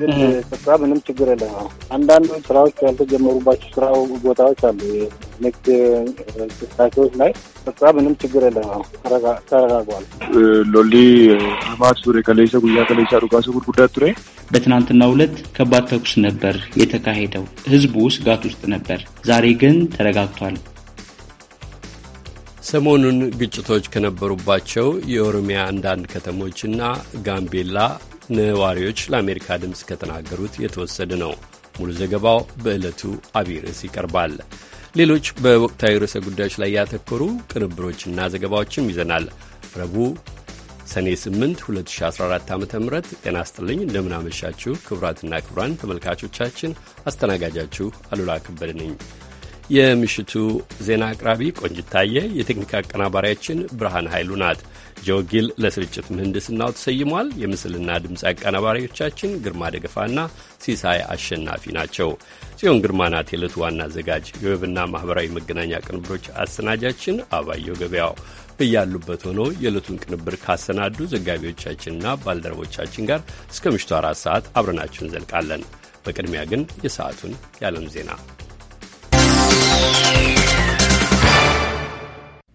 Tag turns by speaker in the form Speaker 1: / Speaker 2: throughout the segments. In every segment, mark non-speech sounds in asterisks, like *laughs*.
Speaker 1: ግን ስራ ምንም ችግር የለም። አንዳንድ ስራዎች ያልተጀመሩባቸው ስራ ቦታዎች አሉ። ንግድ እንቅስቃሴዎች ላይ ስራ ምንም ችግር የለም። ተረጋጓል።
Speaker 2: ሎሊ ማት ቱሬ ከሌሰ ጉያ ከሌሳ ዱጋሰ ጉድጉዳት ቱሬ
Speaker 3: በትናንትና ሁለት ከባድ ተኩስ ነበር የተካሄደው። ህዝቡ ስጋት ውስጥ ነበር። ዛሬ ግን ተረጋግቷል።
Speaker 4: ሰሞኑን ግጭቶች ከነበሩባቸው የኦሮሚያ አንዳንድ ከተሞችና ጋምቤላ ነዋሪዎች ለአሜሪካ ድምፅ ከተናገሩት የተወሰደ ነው። ሙሉ ዘገባው በዕለቱ አብይ ርዕስ ይቀርባል። ሌሎች በወቅታዊ ርዕሰ ጉዳዮች ላይ ያተኮሩ ቅንብሮችና ዘገባዎችም ይዘናል። ረቡዕ ሰኔ 8 2014 ዓ ም ጤና ስጥልኝ። እንደምናመሻችሁ ክቡራትና ክቡራን ተመልካቾቻችን፣ አስተናጋጃችሁ አሉላ ከበደ ነኝ። የምሽቱ ዜና አቅራቢ ቆንጅታየ፣ የቴክኒክ አቀናባሪያችን ብርሃን ኃይሉ ናት። ጊል ለስርጭት ምህንድስናው ተሰይሟል። የምስልና ድምፅ አቀናባሪዎቻችን ግርማ ደገፋና ሲሳይ አሸናፊ ናቸው። ጽዮን ግርማ ናት የዕለቱ ዋና አዘጋጅ። የዌብና ማኅበራዊ መገናኛ ቅንብሮች አሰናጃችን አባየው ገበያው በያሉበት ሆነው የዕለቱን ቅንብር ካሰናዱ ዘጋቢዎቻችንና ባልደረቦቻችን ጋር እስከ ምሽቱ አራት ሰዓት አብረናችሁን እንዘልቃለን። በቅድሚያ ግን የሰዓቱን የዓለም ዜና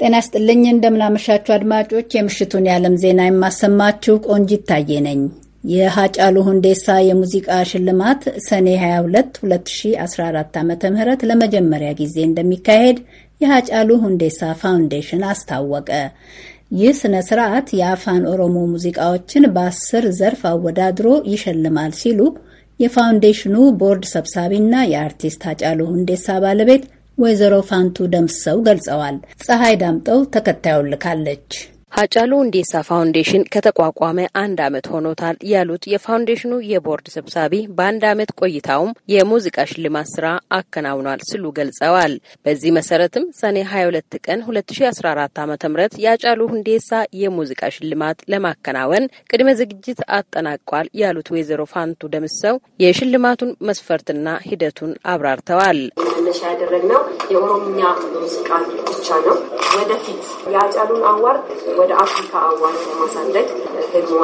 Speaker 5: ጤና ስጥልኝ እንደምናመሻችሁ አድማጮች፣ የምሽቱን የዓለም ዜና የማሰማችሁ ቆንጂት ታዬ ነኝ። የሀጫሉ ሁንዴሳ የሙዚቃ ሽልማት ሰኔ 22 2014 ዓ ም ለመጀመሪያ ጊዜ እንደሚካሄድ የሀጫሉ ሁንዴሳ ፋውንዴሽን አስታወቀ። ይህ ስነ ስርዓት የአፋን ኦሮሞ ሙዚቃዎችን በአስር ዘርፍ አወዳድሮ ይሸልማል ሲሉ የፋውንዴሽኑ ቦርድ ሰብሳቢና የአርቲስት ሃጫሉ ሁንዴሳ ባለቤት ወይዘሮ ፋንቱ ደምሰው ገልጸዋል። ፀሐይ ዳምጠው ተከታዩን ልካለች። ሀጫሉ ሁንዴሳ ፋውንዴሽን ከተቋቋመ አንድ ዓመት
Speaker 6: ሆኖታል ያሉት የፋውንዴሽኑ የቦርድ ሰብሳቢ በአንድ ዓመት ቆይታውም የሙዚቃ ሽልማት ስራ አከናውኗል ስሉ ገልጸዋል። በዚህ መሰረትም ሰኔ 22 ቀን 2014 ዓ ም የሀጫሉ ሁንዴሳ የሙዚቃ ሽልማት ለማከናወን ቅድመ ዝግጅት አጠናቋል ያሉት ወይዘሮ ፋንቱ ደምሰው የሽልማቱን መስፈርትና ሂደቱን አብራርተዋል።
Speaker 7: መነሻ ያደረግነው የኦሮምኛ ሙዚቃ ብቻ ነው። ወደፊት የአጫሉን አዋርድ ወደ አፍሪካ አዋን ለማሳደግ ህልሙ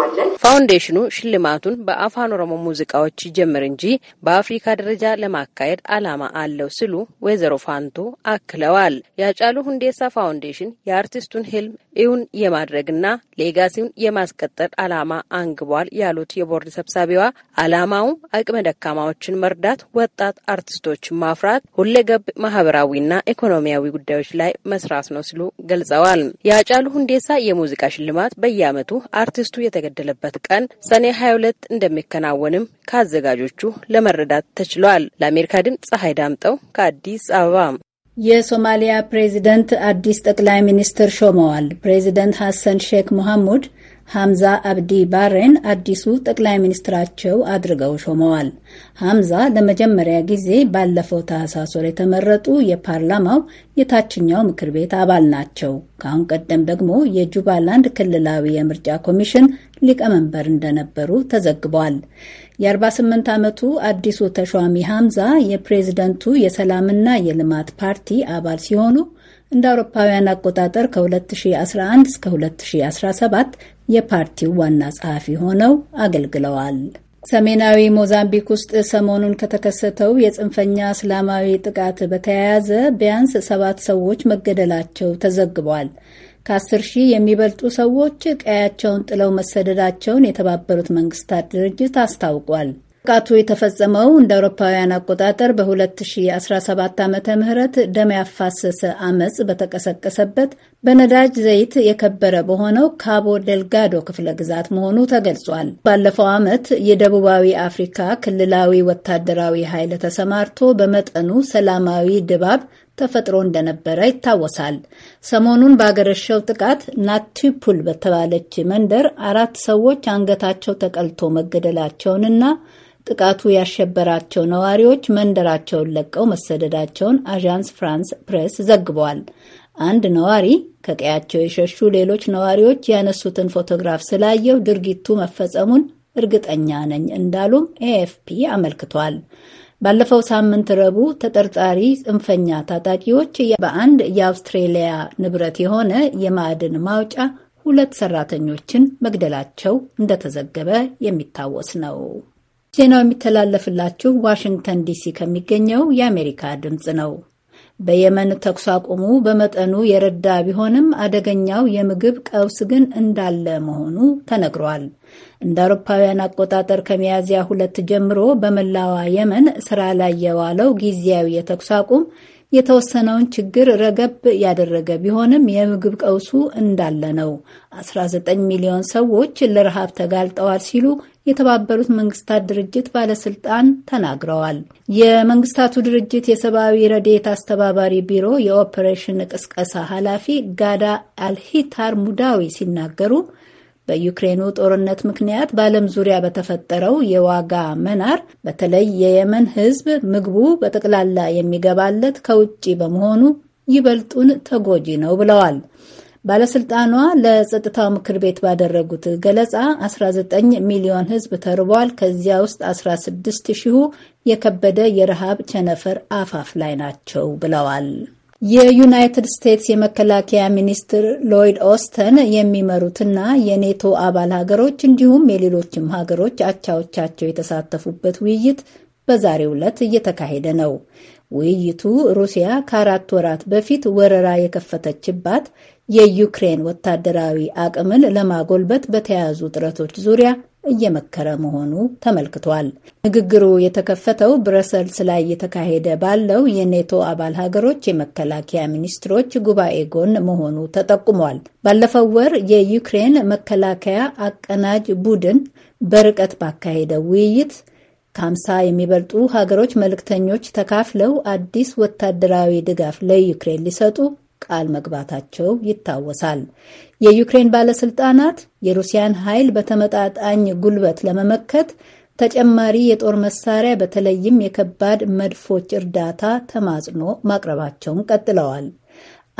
Speaker 6: ፋውንዴሽኑ ሽልማቱን በአፋን ኦሮሞ ሙዚቃዎች ይጀምር እንጂ በአፍሪካ ደረጃ ለማካሄድ ዓላማ አለው ሲሉ ወይዘሮ ፋንቱ አክለዋል። የአጫሉ ሁንዴሳ ፋውንዴሽን የአርቲስቱን ህልም እውን የማድረግና ሌጋሲውን የማስቀጠል ዓላማ አንግቧል ያሉት የቦርድ ሰብሳቢዋ አላማው አቅመ ደካማዎችን መርዳት፣ ወጣት አርቲስቶችን ማፍራት፣ ሁለገብ ማህበራዊና ኢኮኖሚያዊ ጉዳዮች ላይ መስራት ነው ሲሉ ገልጸዋል። ያጫሉ ሁንዴሳ የሙዚቃ ሽልማት በየዓመቱ አርቲስቱ የተገደለበት ቀን ሰኔ 22 እንደሚከናወንም ከአዘጋጆቹ ለመረዳት ተችሏል። ለአሜሪካ ድምፅ ፀሐይ ዳምጠው ከአዲስ አበባ።
Speaker 5: የሶማሊያ ፕሬዚደንት አዲስ ጠቅላይ ሚኒስትር ሾመዋል። ፕሬዚደንት ሐሰን ሼክ ሞሐሙድ ሐምዛ አብዲ ባሬን አዲሱ ጠቅላይ ሚኒስትራቸው አድርገው ሾመዋል። ሐምዛ ለመጀመሪያ ጊዜ ባለፈው ታህሳስ ወር የተመረጡ የፓርላማው የታችኛው ምክር ቤት አባል ናቸው። ከአሁን ቀደም ደግሞ የጁባላንድ ክልላዊ የምርጫ ኮሚሽን ሊቀመንበር እንደነበሩ ተዘግቧል። የ48 ዓመቱ አዲሱ ተሿሚ ሐምዛ የፕሬዝደንቱ የሰላምና የልማት ፓርቲ አባል ሲሆኑ እንደ አውሮፓውያን አቆጣጠር ከ2011 እስከ 2017 የፓርቲው ዋና ጸሐፊ ሆነው አገልግለዋል። ሰሜናዊ ሞዛምቢክ ውስጥ ሰሞኑን ከተከሰተው የጽንፈኛ እስላማዊ ጥቃት በተያያዘ ቢያንስ ሰባት ሰዎች መገደላቸው ተዘግቧል። ከአስር ሺህ የሚበልጡ ሰዎች ቀያቸውን ጥለው መሰደዳቸውን የተባበሩት መንግስታት ድርጅት አስታውቋል። ጥቃቱ የተፈጸመው እንደ አውሮፓውያን አቆጣጠር በ2017 ዓ ም ደም ያፋሰሰ አመፅ በተቀሰቀሰበት በነዳጅ ዘይት የከበረ በሆነው ካቦ ደልጋዶ ክፍለ ግዛት መሆኑ ተገልጿል። ባለፈው ዓመት የደቡባዊ አፍሪካ ክልላዊ ወታደራዊ ኃይል ተሰማርቶ በመጠኑ ሰላማዊ ድባብ ተፈጥሮ እንደነበረ ይታወሳል። ሰሞኑን ባገረሸው ጥቃት ናቲፑል በተባለች መንደር አራት ሰዎች አንገታቸው ተቀልቶ መገደላቸውንና ጥቃቱ ያሸበራቸው ነዋሪዎች መንደራቸውን ለቀው መሰደዳቸውን አዣንስ ፍራንስ ፕሬስ ዘግቧል። አንድ ነዋሪ ከቀያቸው የሸሹ ሌሎች ነዋሪዎች ያነሱትን ፎቶግራፍ ስላየው ድርጊቱ መፈጸሙን እርግጠኛ ነኝ እንዳሉም ኤኤፍፒ አመልክቷል። ባለፈው ሳምንት ረቡዕ ተጠርጣሪ ጽንፈኛ ታጣቂዎች በአንድ የአውስትሬሊያ ንብረት የሆነ የማዕድን ማውጫ ሁለት ሰራተኞችን መግደላቸው እንደተዘገበ የሚታወስ ነው። ዜናው የሚተላለፍላችሁ ዋሽንግተን ዲሲ ከሚገኘው የአሜሪካ ድምፅ ነው። በየመን ተኩስ አቁሙ በመጠኑ የረዳ ቢሆንም አደገኛው የምግብ ቀውስ ግን እንዳለ መሆኑ ተነግሯል። እንደ አውሮፓውያን አቆጣጠር ከሚያዝያ ሁለት ጀምሮ በመላዋ የመን ስራ ላይ የዋለው ጊዜያዊ የተኩስ አቁም የተወሰነውን ችግር ረገብ ያደረገ ቢሆንም የምግብ ቀውሱ እንዳለ ነው። 19 ሚሊዮን ሰዎች ለረሃብ ተጋልጠዋል ሲሉ የተባበሩት መንግስታት ድርጅት ባለስልጣን ተናግረዋል። የመንግስታቱ ድርጅት የሰብአዊ ረድኤት አስተባባሪ ቢሮ የኦፐሬሽን ቅስቀሳ ኃላፊ ጋዳ አልሂታር ሙዳዊ ሲናገሩ በዩክሬኑ ጦርነት ምክንያት በዓለም ዙሪያ በተፈጠረው የዋጋ መናር በተለይ የየመን ሕዝብ ምግቡ በጠቅላላ የሚገባለት ከውጭ በመሆኑ ይበልጡን ተጎጂ ነው ብለዋል። ባለስልጣኗ ለጸጥታው ምክር ቤት ባደረጉት ገለጻ 19 ሚሊዮን ሕዝብ ተርቧል። ከዚያ ውስጥ 16 ሺሁ የከበደ የረሃብ ቸነፈር አፋፍ ላይ ናቸው ብለዋል። የዩናይትድ ስቴትስ የመከላከያ ሚኒስትር ሎይድ ኦስተን የሚመሩትና የኔቶ አባል ሀገሮች እንዲሁም የሌሎችም ሀገሮች አቻዎቻቸው የተሳተፉበት ውይይት በዛሬው ዕለት እየተካሄደ ነው። ውይይቱ ሩሲያ ከአራት ወራት በፊት ወረራ የከፈተችባት የዩክሬን ወታደራዊ አቅምን ለማጎልበት በተያያዙ ጥረቶች ዙሪያ እየመከረ መሆኑ ተመልክቷል። ንግግሩ የተከፈተው ብረሰልስ ላይ እየተካሄደ ባለው የኔቶ አባል ሀገሮች የመከላከያ ሚኒስትሮች ጉባኤ ጎን መሆኑ ተጠቁሟል። ባለፈው ወር የዩክሬን መከላከያ አቀናጅ ቡድን በርቀት ባካሄደው ውይይት ከአምሳ የሚበልጡ ሀገሮች መልእክተኞች ተካፍለው አዲስ ወታደራዊ ድጋፍ ለዩክሬን ሊሰጡ ቃል መግባታቸው ይታወሳል። የዩክሬን ባለስልጣናት የሩሲያን ኃይል በተመጣጣኝ ጉልበት ለመመከት ተጨማሪ የጦር መሳሪያ በተለይም የከባድ መድፎች እርዳታ ተማጽኖ ማቅረባቸውን ቀጥለዋል።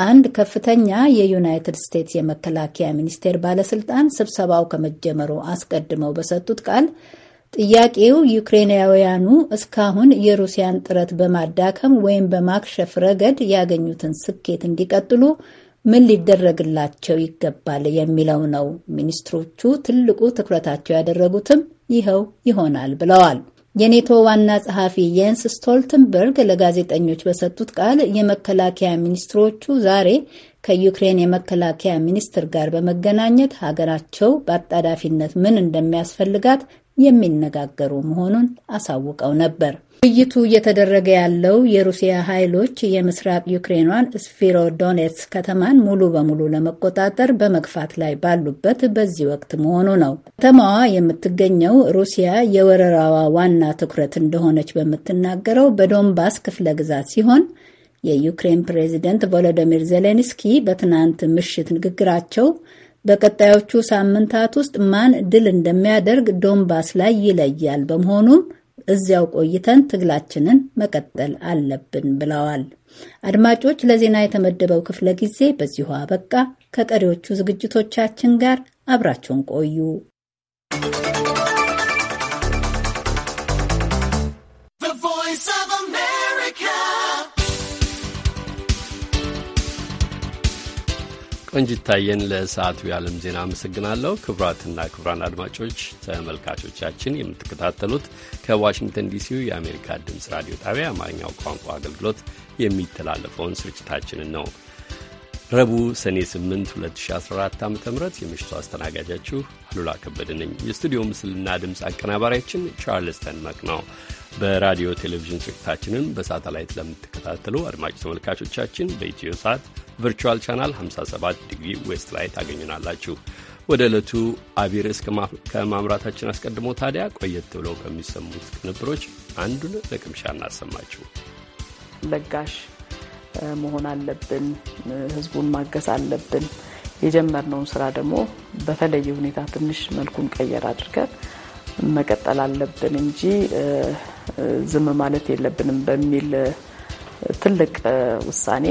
Speaker 5: አንድ ከፍተኛ የዩናይትድ ስቴትስ የመከላከያ ሚኒስቴር ባለስልጣን ስብሰባው ከመጀመሩ አስቀድመው በሰጡት ቃል ጥያቄው ዩክሬናውያኑ እስካሁን የሩሲያን ጥረት በማዳከም ወይም በማክሸፍ ረገድ ያገኙትን ስኬት እንዲቀጥሉ ምን ሊደረግላቸው ይገባል የሚለው ነው። ሚኒስትሮቹ ትልቁ ትኩረታቸው ያደረጉትም ይኸው ይሆናል ብለዋል። የኔቶ ዋና ጸሐፊ የንስ ስቶልተንበርግ ለጋዜጠኞች በሰጡት ቃል የመከላከያ ሚኒስትሮቹ ዛሬ ከዩክሬን የመከላከያ ሚኒስትር ጋር በመገናኘት ሀገራቸው በአጣዳፊነት ምን እንደሚያስፈልጋት የሚነጋገሩ መሆኑን አሳውቀው ነበር። ውይይቱ እየተደረገ ያለው የሩሲያ ኃይሎች የምስራቅ ዩክሬኗን ዶኔትስ ከተማን ሙሉ በሙሉ ለመቆጣጠር በመግፋት ላይ ባሉበት በዚህ ወቅት መሆኑ ነው። ከተማዋ የምትገኘው ሩሲያ የወረራዋ ዋና ትኩረት እንደሆነች በምትናገረው በዶንባስ ክፍለ ግዛት ሲሆን የዩክሬን ፕሬዚደንት ቮሎዶሚር ዜሌንስኪ በትናንት ምሽት ንግግራቸው በቀጣዮቹ ሳምንታት ውስጥ ማን ድል እንደሚያደርግ ዶንባስ ላይ ይለያል። በመሆኑም እዚያው ቆይተን ትግላችንን መቀጠል አለብን ብለዋል። አድማጮች፣ ለዜና የተመደበው ክፍለ ጊዜ በዚሁ አበቃ። ከቀሪዎቹ ዝግጅቶቻችን ጋር አብራችሁን ቆዩ።
Speaker 4: ቆንጅታየን ለሰዓቱ የዓለም ዜና አመሰግናለሁ። ክቡራትና ክቡራን አድማጮች ተመልካቾቻችን የምትከታተሉት ከዋሽንግተን ዲሲው የአሜሪካ ድምፅ ራዲዮ ጣቢያ አማርኛው ቋንቋ አገልግሎት የሚተላለፈውን ስርጭታችንን ነው። ረቡዕ ሰኔ 8 2014 ዓ ም የምሽቱ አስተናጋጃችሁ አሉላ ከበደ ነኝ። የስቱዲዮ ምስልና ድምፅ አቀናባሪያችን ቻርልስ ተንመክ ነው። በራዲዮ ቴሌቪዥን ስርጭታችንን በሳተላይት ለምትከታተሉ አድማጭ ተመልካቾቻችን በኢትዮ ሰዓት ቨርቹዋል ቻናል 57 ዲግሪ ዌስት ላይ ታገኙናላችሁ። ወደ ዕለቱ አቢር ከማምራታችን አስቀድሞ ታዲያ ቆየት ብለው ከሚሰሙት ቅንብሮች አንዱን ለቅምሻ እናሰማችሁ።
Speaker 8: ለጋሽ መሆን አለብን፣ ህዝቡን ማገስ አለብን። የጀመርነውን ስራ ደግሞ በተለየ ሁኔታ ትንሽ መልኩን ቀየር አድርገን መቀጠል አለብን እንጂ ዝም ማለት የለብንም በሚል ትልቅ ውሳኔ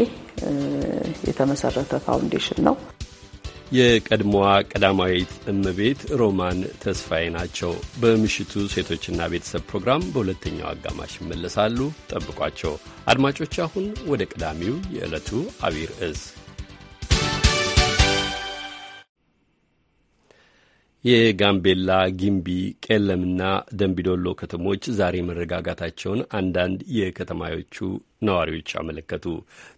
Speaker 8: የተመሰረተ ፋውንዴሽን ነው።
Speaker 4: የቀድሞዋ ቀዳማዊት እመቤት ሮማን ተስፋዬ ናቸው። በምሽቱ ሴቶችና ቤተሰብ ፕሮግራም በሁለተኛው አጋማሽ ይመለሳሉ። ጠብቋቸው አድማጮች። አሁን ወደ ቀዳሚው የዕለቱ አቢይ ርዕስ የጋምቤላ ጊምቢ፣ ቄለምና ደንቢዶሎ ከተሞች ዛሬ መረጋጋታቸውን አንዳንድ የከተማዎቹ ነዋሪዎች አመለከቱ።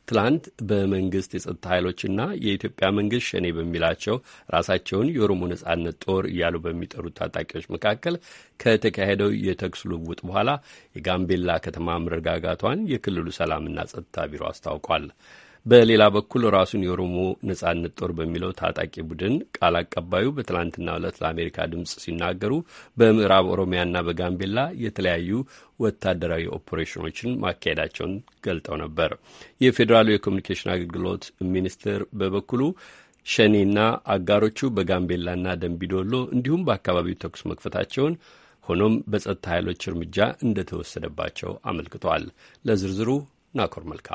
Speaker 4: ትላንት በመንግስት የጸጥታ ኃይሎችና የኢትዮጵያ መንግስት ሸኔ በሚላቸው ራሳቸውን የኦሮሞ ነጻነት ጦር እያሉ በሚጠሩት ታጣቂዎች መካከል ከተካሄደው የተኩስ ልውውጥ በኋላ የጋምቤላ ከተማ መረጋጋቷን የክልሉ ሰላምና ጸጥታ ቢሮ አስታውቋል። በሌላ በኩል ራሱን የኦሮሞ ነጻነት ጦር በሚለው ታጣቂ ቡድን ቃል አቀባዩ በትላንትና ዕለት ለአሜሪካ ድምፅ ሲናገሩ በምዕራብ ኦሮሚያና በጋምቤላ የተለያዩ ወታደራዊ ኦፕሬሽኖችን ማካሄዳቸውን ገልጠው ነበር። የፌዴራሉ የኮሚኒኬሽን አገልግሎት ሚኒስትር በበኩሉ ሸኔና አጋሮቹ በጋምቤላና ደንቢዶሎ እንዲሁም በአካባቢው ተኩስ መክፈታቸውን ሆኖም በጸጥታ ኃይሎች እርምጃ እንደተወሰደባቸው አመልክቷል። ለዝርዝሩ ናኮር መልካ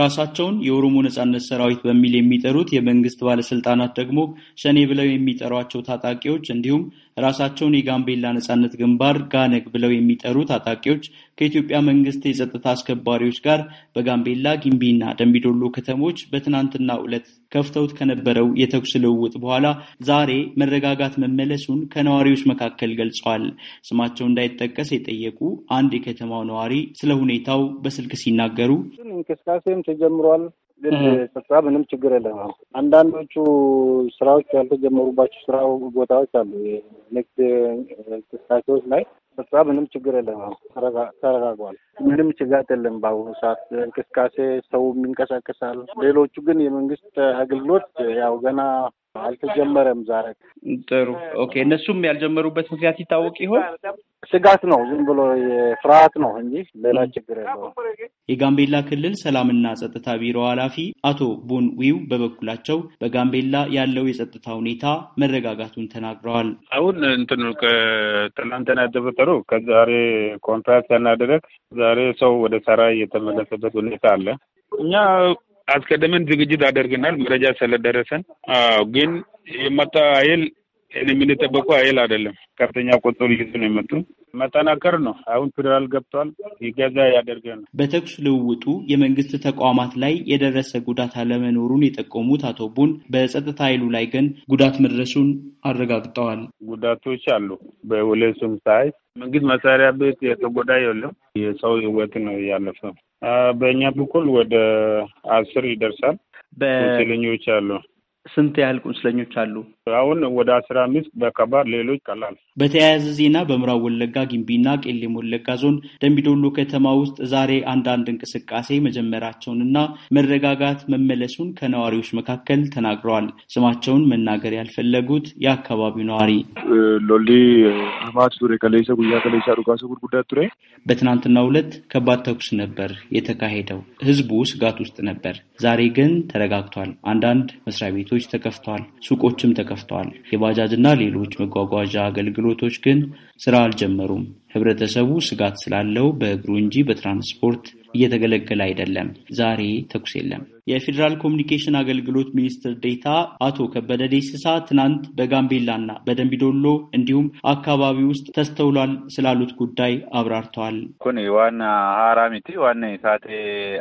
Speaker 3: ራሳቸውን የኦሮሞ ነጻነት ሰራዊት በሚል የሚጠሩት የመንግስት ባለስልጣናት ደግሞ ሸኔ ብለው የሚጠሯቸው ታጣቂዎች እንዲሁም ራሳቸውን የጋምቤላ ነጻነት ግንባር ጋነግ ብለው የሚጠሩ ታጣቂዎች ከኢትዮጵያ መንግስት የጸጥታ አስከባሪዎች ጋር በጋምቤላ ጊምቢና ደንቢዶሎ ከተሞች በትናንትና ዕለት ከፍተውት ከነበረው የተኩስ ልውውጥ በኋላ ዛሬ መረጋጋት መመለሱን ከነዋሪዎች መካከል ገልጸዋል። ስማቸው እንዳይጠቀስ የጠየቁ አንድ የከተማው ነዋሪ ስለ ሁኔታው በስልክ ሲናገሩ
Speaker 1: እንቅስቃሴም ተጀምሯል። ግን ስፍራ ምንም ችግር የለም። አንዳንዶቹ ስራዎች ያልተጀመሩባቸው ስራ ቦታዎች አሉ። ንግድ እንቅስቃሴዎች ላይ ስፍራ ምንም ችግር የለም። ተረጋግጧል። ምንም ችጋት የለም። በአሁኑ ሰዓት እንቅስቃሴ ሰው የሚንቀሳቀሳል። ሌሎቹ ግን የመንግስት አገልግሎት ያው ገና አልተጀመረም ዛሬ።
Speaker 3: ጥሩ ኦኬ። እነሱም ያልጀመሩበት ምክንያት ይታወቅ ይሆን?
Speaker 1: ስጋት ነው፣ ዝም ብሎ ፍርሃት ነው እንጂ ሌላ ችግር የለውም።
Speaker 3: የጋምቤላ ክልል ሰላምና ጸጥታ ቢሮ ኃላፊ አቶ ቦንዊው በበኩላቸው በጋምቤላ ያለው የጸጥታ ሁኔታ መረጋጋቱን ተናግረዋል።
Speaker 2: አሁን እንትኑ ከትላንትና ያደበጠሩ ከዛሬ ኮንትራት ያናደረግ ዛሬ ሰው ወደ ሰራ እየተመለሰበት ሁኔታ አለ እኛ አስቀድመን ዝግጅት አደርገናል። መረጃ ስለደረሰን ግን የመጣ ኃይል እኔ የምንጠበቀው አይል አይደለም።
Speaker 3: ከፍተኛ ቁጥር ይዞ ነው የመጡ
Speaker 2: መጠናከር ነው። አሁን ፌዴራል ገብቷል፣ ይገዛ ያደርገ
Speaker 3: ነው። በተኩስ ልውውጡ የመንግስት ተቋማት ላይ የደረሰ ጉዳት አለመኖሩን የጠቆሙት አቶ ቡን በጸጥታ ኃይሉ ላይ ግን ጉዳት መድረሱን አረጋግጠዋል።
Speaker 2: ጉዳቶች አሉ። በወለሱም ሳይ መንግስት መሳሪያ ቤት የተጎዳ የለም። የሰው ህይወት ነው ያለፈው። በእኛ በኩል ወደ አስር ይደርሳል። በስለኞች
Speaker 3: አሉ። ስንት ያህል ቁስለኞች አሉ?
Speaker 2: አሁን ወደ አስራ አምስት በከባድ ሌሎች ቀላል
Speaker 3: በተያያዘ ዜና በምዕራብ ወለጋ ጊምቢና ቄሌም ወለጋ ዞን ደንቢዶሎ ከተማ ውስጥ ዛሬ አንዳንድ እንቅስቃሴ መጀመራቸውንና መረጋጋት መመለሱን ከነዋሪዎች መካከል ተናግረዋል። ስማቸውን መናገር ያልፈለጉት የአካባቢው ነዋሪ ሎሊ ቱሬ ጉያ ከሌሳ ዱጋሰ ጉድጉዳ ቱሬ በትናንትና ሁለት ከባድ ተኩስ ነበር የተካሄደው። ህዝቡ ስጋት ውስጥ ነበር። ዛሬ ግን ተረጋግቷል። አንዳንድ መስሪያ ቤቶች ተከፍተዋል፣ ሱቆችም ተከፍተዋል። የባጃጅ እና ሌሎች መጓጓዣ አገልግሎት አገልግሎቶች ግን ስራ አልጀመሩም። ህብረተሰቡ ስጋት ስላለው በእግሩ እንጂ በትራንስፖርት እየተገለገለ አይደለም። ዛሬ ተኩስ የለም። የፌዴራል ኮሚኒኬሽን አገልግሎት ሚኒስትር ዴታ አቶ ከበደ ደስሳ ትናንት በጋምቤላና በደንቢዶሎ እንዲሁም አካባቢ ውስጥ ተስተውሏል ስላሉት ጉዳይ አብራርተዋል። ዋና ሀራሚቲ ዋና ሳቴ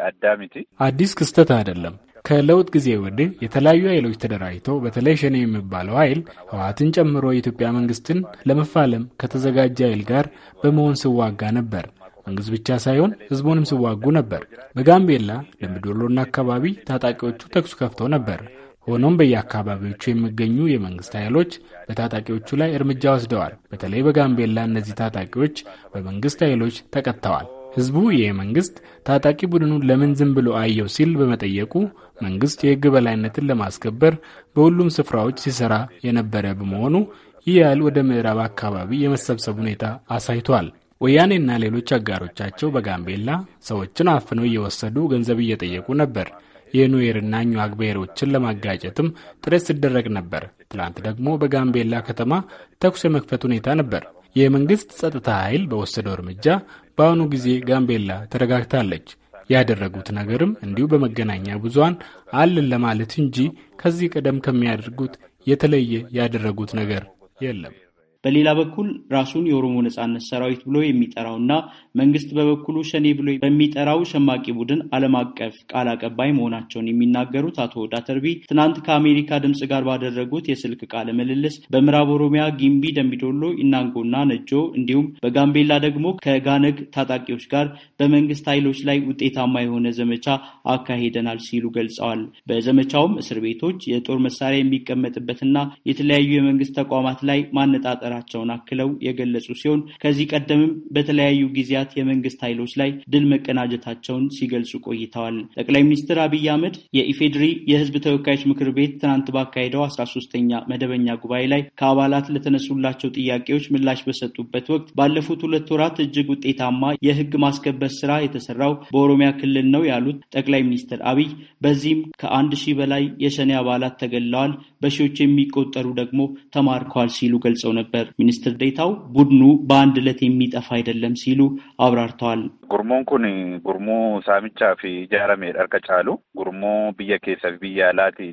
Speaker 3: አዳሚቲ
Speaker 9: አዲስ ክስተት አይደለም። ከለውጥ ጊዜ ወዲህ የተለያዩ ኃይሎች ተደራጅተው በተለይ ሸኔ የሚባለው ኃይል ህወሓትን ጨምሮ የኢትዮጵያ መንግስትን ለመፋለም ከተዘጋጀ ኃይል ጋር በመሆን ስዋጋ ነበር። መንግስት ብቻ ሳይሆን ህዝቡንም ስዋጉ ነበር። በጋምቤላ ደምቢዶሎና አካባቢ ታጣቂዎቹ ተኩስ ከፍተው ነበር። ሆኖም በየአካባቢዎቹ የሚገኙ የመንግስት ኃይሎች በታጣቂዎቹ ላይ እርምጃ ወስደዋል። በተለይ በጋምቤላ እነዚህ ታጣቂዎች በመንግስት ኃይሎች ተቀጥተዋል። ህዝቡ ይህ መንግስት ታጣቂ ቡድኑን ለምን ዝም ብሎ አየው ሲል በመጠየቁ መንግስት የህግ በላይነትን ለማስከበር በሁሉም ስፍራዎች ሲሰራ የነበረ በመሆኑ ይህ ያህል ወደ ምዕራብ አካባቢ የመሰብሰብ ሁኔታ አሳይቷል። ወያኔና ሌሎች አጋሮቻቸው በጋምቤላ ሰዎችን አፍነው እየወሰዱ ገንዘብ እየጠየቁ ነበር። የኑዌርና ኙዋግ ብሔሮችን ለማጋጨትም ጥረት ሲደረግ ነበር። ትላንት ደግሞ በጋምቤላ ከተማ ተኩስ የመክፈት ሁኔታ ነበር። የመንግስት ጸጥታ ኃይል በወሰደው እርምጃ በአሁኑ ጊዜ ጋምቤላ ተረጋግታለች። ያደረጉት ነገርም እንዲሁ በመገናኛ ብዙሃን አለን ለማለት እንጂ ከዚህ ቀደም ከሚያደርጉት የተለየ ያደረጉት ነገር
Speaker 3: የለም። በሌላ በኩል ራሱን የኦሮሞ ነጻነት ሰራዊት ብሎ የሚጠራውና መንግስት በበኩሉ ሸኔ ብሎ በሚጠራው ሸማቂ ቡድን ዓለም አቀፍ ቃል አቀባይ መሆናቸውን የሚናገሩት አቶ ዳተርቢ ትናንት ከአሜሪካ ድምፅ ጋር ባደረጉት የስልክ ቃለ ምልልስ በምዕራብ ኦሮሚያ ጊምቢ፣ ደምቢዶሎ፣ ኢናንጎና ነጆ እንዲሁም በጋምቤላ ደግሞ ከጋነግ ታጣቂዎች ጋር በመንግስት ኃይሎች ላይ ውጤታማ የሆነ ዘመቻ አካሂደናል ሲሉ ገልጸዋል። በዘመቻውም እስር ቤቶች፣ የጦር መሳሪያ የሚቀመጥበትና የተለያዩ የመንግስት ተቋማት ላይ ማነጣጠር መፈጠራቸውን አክለው የገለጹ ሲሆን ከዚህ ቀደምም በተለያዩ ጊዜያት የመንግስት ኃይሎች ላይ ድል መቀናጀታቸውን ሲገልጹ ቆይተዋል። ጠቅላይ ሚኒስትር አብይ አህመድ የኢፌድሪ የህዝብ ተወካዮች ምክር ቤት ትናንት ባካሄደው አስራ ሶስተኛ መደበኛ ጉባኤ ላይ ከአባላት ለተነሱላቸው ጥያቄዎች ምላሽ በሰጡበት ወቅት ባለፉት ሁለት ወራት እጅግ ውጤታማ የህግ ማስከበር ስራ የተሰራው በኦሮሚያ ክልል ነው ያሉት ጠቅላይ ሚኒስትር አብይ በዚህም ከአንድ ሺህ በላይ የሸኔ አባላት ተገለዋል፣ በሺዎች የሚቆጠሩ ደግሞ ተማርከዋል ሲሉ ገልጸው ነበር። ነበር። ሚኒስትር ዴታው ቡድኑ በአንድ ዕለት የሚጠፋ አይደለም ሲሉ አብራርተዋል። ጉርሞን ኩን
Speaker 2: ጉርሞ ሳምቻ ፊ ጃረሜ ዳርከ ቻሉ ጉርሞ ብየ ኬሰ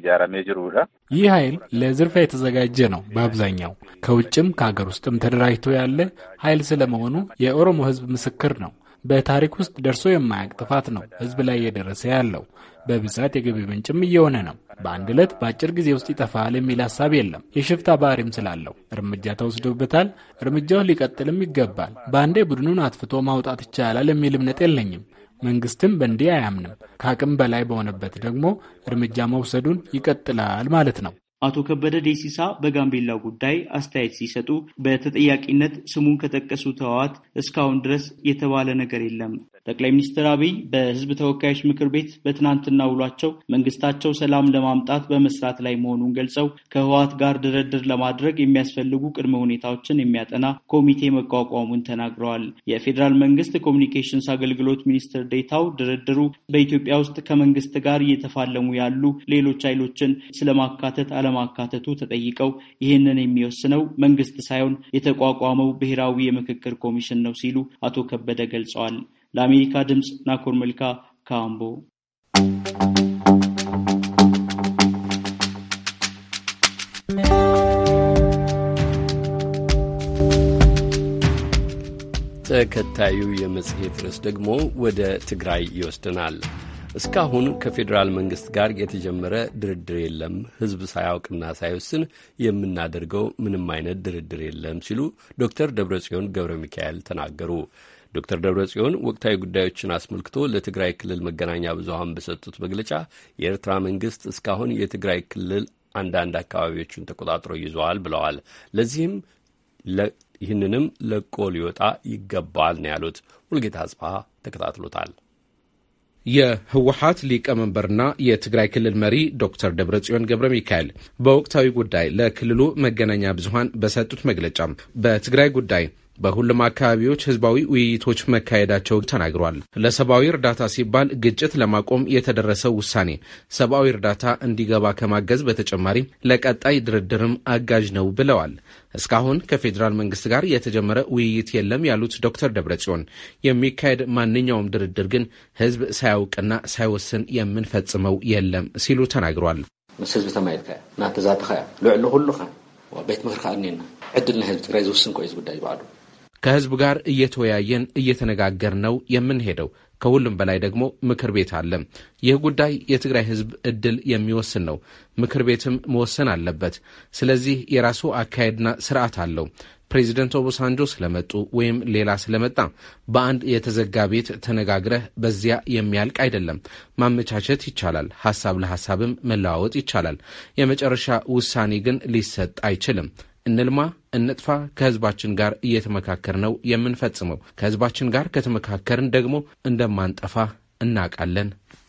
Speaker 2: ጃረሜ ጅሩ
Speaker 9: ይህ ኃይል ለዝርፋ የተዘጋጀ ነው። በአብዛኛው ከውጭም ከሀገር ውስጥም ተደራጅቶ ያለ ኃይል ስለመሆኑ የኦሮሞ ህዝብ ምስክር ነው። በታሪክ ውስጥ ደርሶ የማያውቅ ጥፋት ነው ህዝብ ላይ እየደረሰ ያለው። በብዛት የገቢ ምንጭም እየሆነ ነው። በአንድ ዕለት በአጭር ጊዜ ውስጥ ይጠፋል የሚል ሀሳብ የለም። የሽፍታ ባህሪም ስላለው እርምጃ ተወስዶበታል። እርምጃውን ሊቀጥልም ይገባል። በአንዴ ቡድኑን አጥፍቶ ማውጣት ይቻላል የሚል እምነት የለኝም። መንግስትም በእንዲህ አያምንም። ከአቅም በላይ በሆነበት ደግሞ እርምጃ መውሰዱን ይቀጥላል ማለት ነው።
Speaker 3: አቶ ከበደ ዴሲሳ በጋምቤላ ጉዳይ አስተያየት ሲሰጡ በተጠያቂነት ስሙን ከጠቀሱት ህወሓት እስካሁን ድረስ የተባለ ነገር የለም ጠቅላይ ሚኒስትር አብይ በህዝብ ተወካዮች ምክር ቤት በትናንትና ውሏቸው መንግስታቸው ሰላም ለማምጣት በመስራት ላይ መሆኑን ገልጸው ከህወሓት ጋር ድርድር ለማድረግ የሚያስፈልጉ ቅድመ ሁኔታዎችን የሚያጠና ኮሚቴ መቋቋሙን ተናግረዋል። የፌዴራል መንግስት ኮሚኒኬሽንስ አገልግሎት ሚኒስትር ዴታው ድርድሩ በኢትዮጵያ ውስጥ ከመንግስት ጋር እየተፋለሙ ያሉ ሌሎች ኃይሎችን ስለማካተት አለማካተቱ ተጠይቀው ይህንን የሚወስነው መንግስት ሳይሆን የተቋቋመው ብሔራዊ የምክክር ኮሚሽን ነው ሲሉ አቶ ከበደ ገልጸዋል። ለአሜሪካ ድምፅ ናኮር መልካ ካምቦ።
Speaker 4: ተከታዩ የመጽሔት ርዕስ ደግሞ ወደ ትግራይ ይወስደናል። እስካሁን ከፌዴራል መንግስት ጋር የተጀመረ ድርድር የለም፣ ህዝብ ሳያውቅና ሳይወስን የምናደርገው ምንም አይነት ድርድር የለም ሲሉ ዶክተር ደብረ ጽዮን ገብረ ሚካኤል ተናገሩ። ዶክተር ደብረ ጽዮን ወቅታዊ ጉዳዮችን አስመልክቶ ለትግራይ ክልል መገናኛ ብዙሀን በሰጡት መግለጫ የኤርትራ መንግስት እስካሁን የትግራይ ክልል አንዳንድ አካባቢዎችን ተቆጣጥሮ ይዘዋል ብለዋል። ለዚህም ይህንንም ለቆ ሊወጣ ይገባል ነው ያሉት። ሙልጌታ አጽባሀ ተከታትሎታል።
Speaker 10: የህወሀት ሊቀመንበርና የትግራይ ክልል መሪ ዶክተር ደብረጽዮን ገብረ ሚካኤል በወቅታዊ ጉዳይ ለክልሉ መገናኛ ብዙሀን በሰጡት መግለጫ በትግራይ ጉዳይ በሁሉም አካባቢዎች ህዝባዊ ውይይቶች መካሄዳቸው ተናግሯል። ለሰብአዊ እርዳታ ሲባል ግጭት ለማቆም የተደረሰው ውሳኔ ሰብአዊ እርዳታ እንዲገባ ከማገዝ በተጨማሪ ለቀጣይ ድርድርም አጋዥ ነው ብለዋል። እስካሁን ከፌዴራል መንግስት ጋር የተጀመረ ውይይት የለም ያሉት ዶክተር ደብረጽዮን የሚካሄድ ማንኛውም ድርድር ግን ህዝብ ሳያውቅና ሳይወስን የምንፈጽመው የለም ሲሉ ተናግሯል። ምስ ህዝቢ ተማይልካ ናተዛተኸ ልዕሊ ኩሉኻ ቤት ምክሪ ከዓ እኒና ዕድል ናይ ህዝቢ ትግራይ ዝውስን ኮ እዩ ዝጉዳይ በዓሉ ከህዝብ ጋር እየተወያየን እየተነጋገር ነው የምንሄደው። ከሁሉም በላይ ደግሞ ምክር ቤት አለ። ይህ ጉዳይ የትግራይ ህዝብ እድል የሚወስን ነው። ምክር ቤትም መወሰን አለበት። ስለዚህ የራሱ አካሄድና ስርዓት አለው። ፕሬዚደንት ኦቦሳንጆ ስለመጡ ወይም ሌላ ስለመጣ በአንድ የተዘጋ ቤት ተነጋግረህ በዚያ የሚያልቅ አይደለም። ማመቻቸት ይቻላል። ሀሳብ ለሀሳብም መለዋወጥ ይቻላል። የመጨረሻ ውሳኔ ግን ሊሰጥ አይችልም። እንልማ፣ እንጥፋ ከህዝባችን ጋር እየተመካከር ነው የምንፈጽመው። ከህዝባችን ጋር ከተመካከርን ደግሞ እንደማንጠፋ እናውቃለን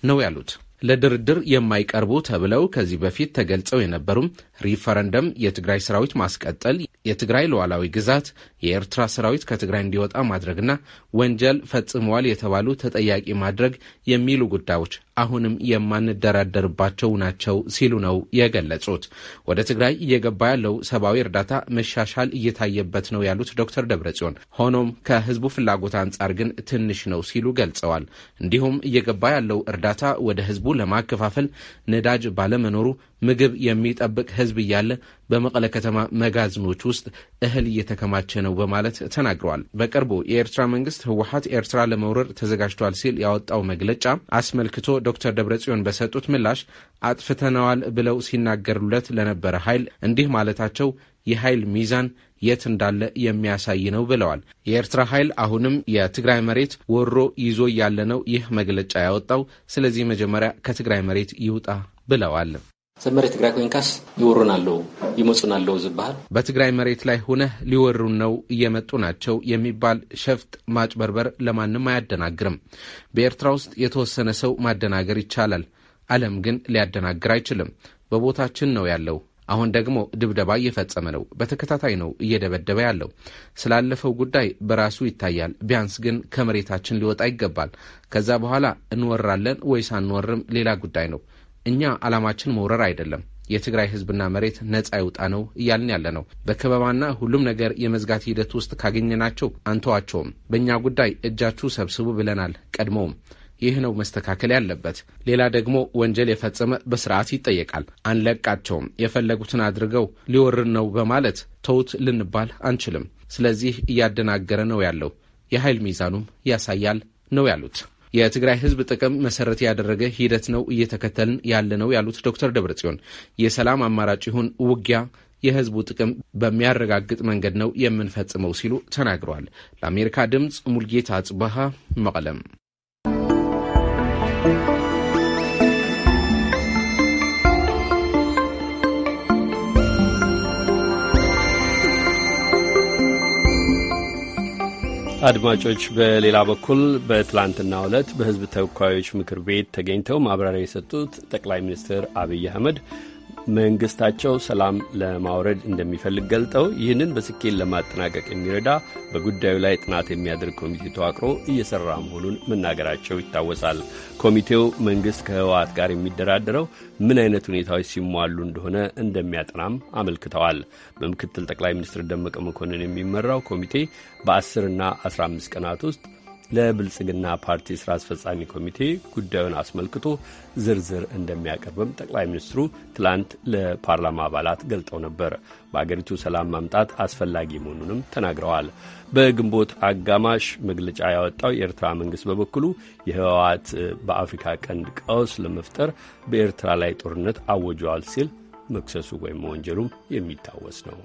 Speaker 10: ነው ያሉት። ለድርድር የማይቀርቡ ተብለው ከዚህ በፊት ተገልጸው የነበሩም ሪፈረንደም፣ የትግራይ ሰራዊት ማስቀጠል፣ የትግራይ ሉዓላዊ ግዛት፣ የኤርትራ ሰራዊት ከትግራይ እንዲወጣ ማድረግና ወንጀል ፈጽመዋል የተባሉ ተጠያቂ ማድረግ የሚሉ ጉዳዮች አሁንም የማንደራደርባቸው ናቸው ሲሉ ነው የገለጹት። ወደ ትግራይ እየገባ ያለው ሰብአዊ እርዳታ መሻሻል እየታየበት ነው ያሉት ዶክተር ደብረጽዮን ሆኖም ከህዝቡ ፍላጎት አንጻር ግን ትንሽ ነው ሲሉ ገልጸዋል። እንዲሁም እየገባ ያለው እርዳታ ወደ ህዝቡ ለማከፋፈል ነዳጅ ባለመኖሩ ምግብ የሚጠብቅ ህዝብ እያለ በመቀለ ከተማ መጋዘኖች ውስጥ እህል እየተከማቸ ነው በማለት ተናግረዋል። በቅርቡ የኤርትራ መንግስት ህወሀት ኤርትራ ለመውረር ተዘጋጅቷል ሲል ያወጣው መግለጫ አስመልክቶ ዶክተር ደብረጽዮን በሰጡት ምላሽ አጥፍተነዋል ብለው ሲናገሩለት ለነበረ ኃይል እንዲህ ማለታቸው የኃይል ሚዛን የት እንዳለ የሚያሳይ ነው ብለዋል። የኤርትራ ኃይል አሁንም የትግራይ መሬት ወሮ ይዞ ያለ ነው ይህ መግለጫ ያወጣው። ስለዚህ መጀመሪያ ከትግራይ መሬት ይውጣ ብለዋል።
Speaker 9: ሰብ መሬት ትግራይ ኮይንካስ ይወሩን አለው ይመፁን ዝበሃል
Speaker 10: በትግራይ መሬት ላይ ሆነህ ሊወሩን ነው እየመጡ ናቸው የሚባል ሸፍጥ ማጭበርበር ለማንም አያደናግርም። በኤርትራ ውስጥ የተወሰነ ሰው ማደናገር ይቻላል። ዓለም ግን ሊያደናግር አይችልም። በቦታችን ነው ያለው። አሁን ደግሞ ድብደባ እየፈጸመ ነው። በተከታታይ ነው እየደበደበ ያለው። ስላለፈው ጉዳይ በራሱ ይታያል። ቢያንስ ግን ከመሬታችን ሊወጣ ይገባል። ከዛ በኋላ እንወራለን ወይስ አንወርም ሌላ ጉዳይ ነው። እኛ ዓላማችን መውረር አይደለም የትግራይ ህዝብና መሬት ነጻ ይውጣ ነው እያልን ያለ ነው። በከበባና ሁሉም ነገር የመዝጋት ሂደት ውስጥ ካገኘናቸው አንተዋቸውም። በእኛ ጉዳይ እጃችሁ ሰብስቡ ብለናል ቀድሞውም። ይህ ነው መስተካከል ያለበት። ሌላ ደግሞ ወንጀል የፈጸመ በስርዓት ይጠየቃል። አንለቃቸውም። የፈለጉትን አድርገው ሊወርን ነው በማለት ተውት ልንባል አንችልም። ስለዚህ እያደናገረ ነው ያለው። የኃይል ሚዛኑም ያሳያል ነው ያሉት። የትግራይ ህዝብ ጥቅም መሰረት ያደረገ ሂደት ነው እየተከተልን ያለ ነው ያሉት ዶክተር ደብረጽዮን የሰላም አማራጭ ይሁን ውጊያ የህዝቡ ጥቅም በሚያረጋግጥ መንገድ ነው የምንፈጽመው ሲሉ ተናግረዋል። ለአሜሪካ ድምፅ ሙልጌታ ጽበሃ መቀለም
Speaker 4: አድማጮች በሌላ በኩል በትላንትና ዕለት በህዝብ ተወካዮች ምክር ቤት ተገኝተው ማብራሪያ የሰጡት ጠቅላይ ሚኒስትር አብይ አህመድ መንግስታቸው ሰላም ለማውረድ እንደሚፈልግ ገልጠው ይህንን በስኬት ለማጠናቀቅ የሚረዳ በጉዳዩ ላይ ጥናት የሚያደርግ ኮሚቴ ተዋቅሮ እየሰራ መሆኑን መናገራቸው ይታወሳል። ኮሚቴው መንግስት ከህወሓት ጋር የሚደራደረው ምን አይነት ሁኔታዎች ሲሟሉ እንደሆነ እንደሚያጠናም አመልክተዋል። በምክትል ጠቅላይ ሚኒስትር ደመቀ መኮንን የሚመራው ኮሚቴ በ በ10ና 15 ቀናት ውስጥ ለብልጽግና ፓርቲ ስራ አስፈጻሚ ኮሚቴ ጉዳዩን አስመልክቶ ዝርዝር እንደሚያቀርብም ጠቅላይ ሚኒስትሩ ትላንት ለፓርላማ አባላት ገልጠው ነበር። በአገሪቱ ሰላም ማምጣት አስፈላጊ መሆኑንም ተናግረዋል። በግንቦት አጋማሽ መግለጫ ያወጣው የኤርትራ መንግስት በበኩሉ የህወሓት በአፍሪካ ቀንድ ቀውስ ለመፍጠር በኤርትራ ላይ ጦርነት አውጇል ሲል መክሰሱ ወይም መወንጀሉም የሚታወስ ነው።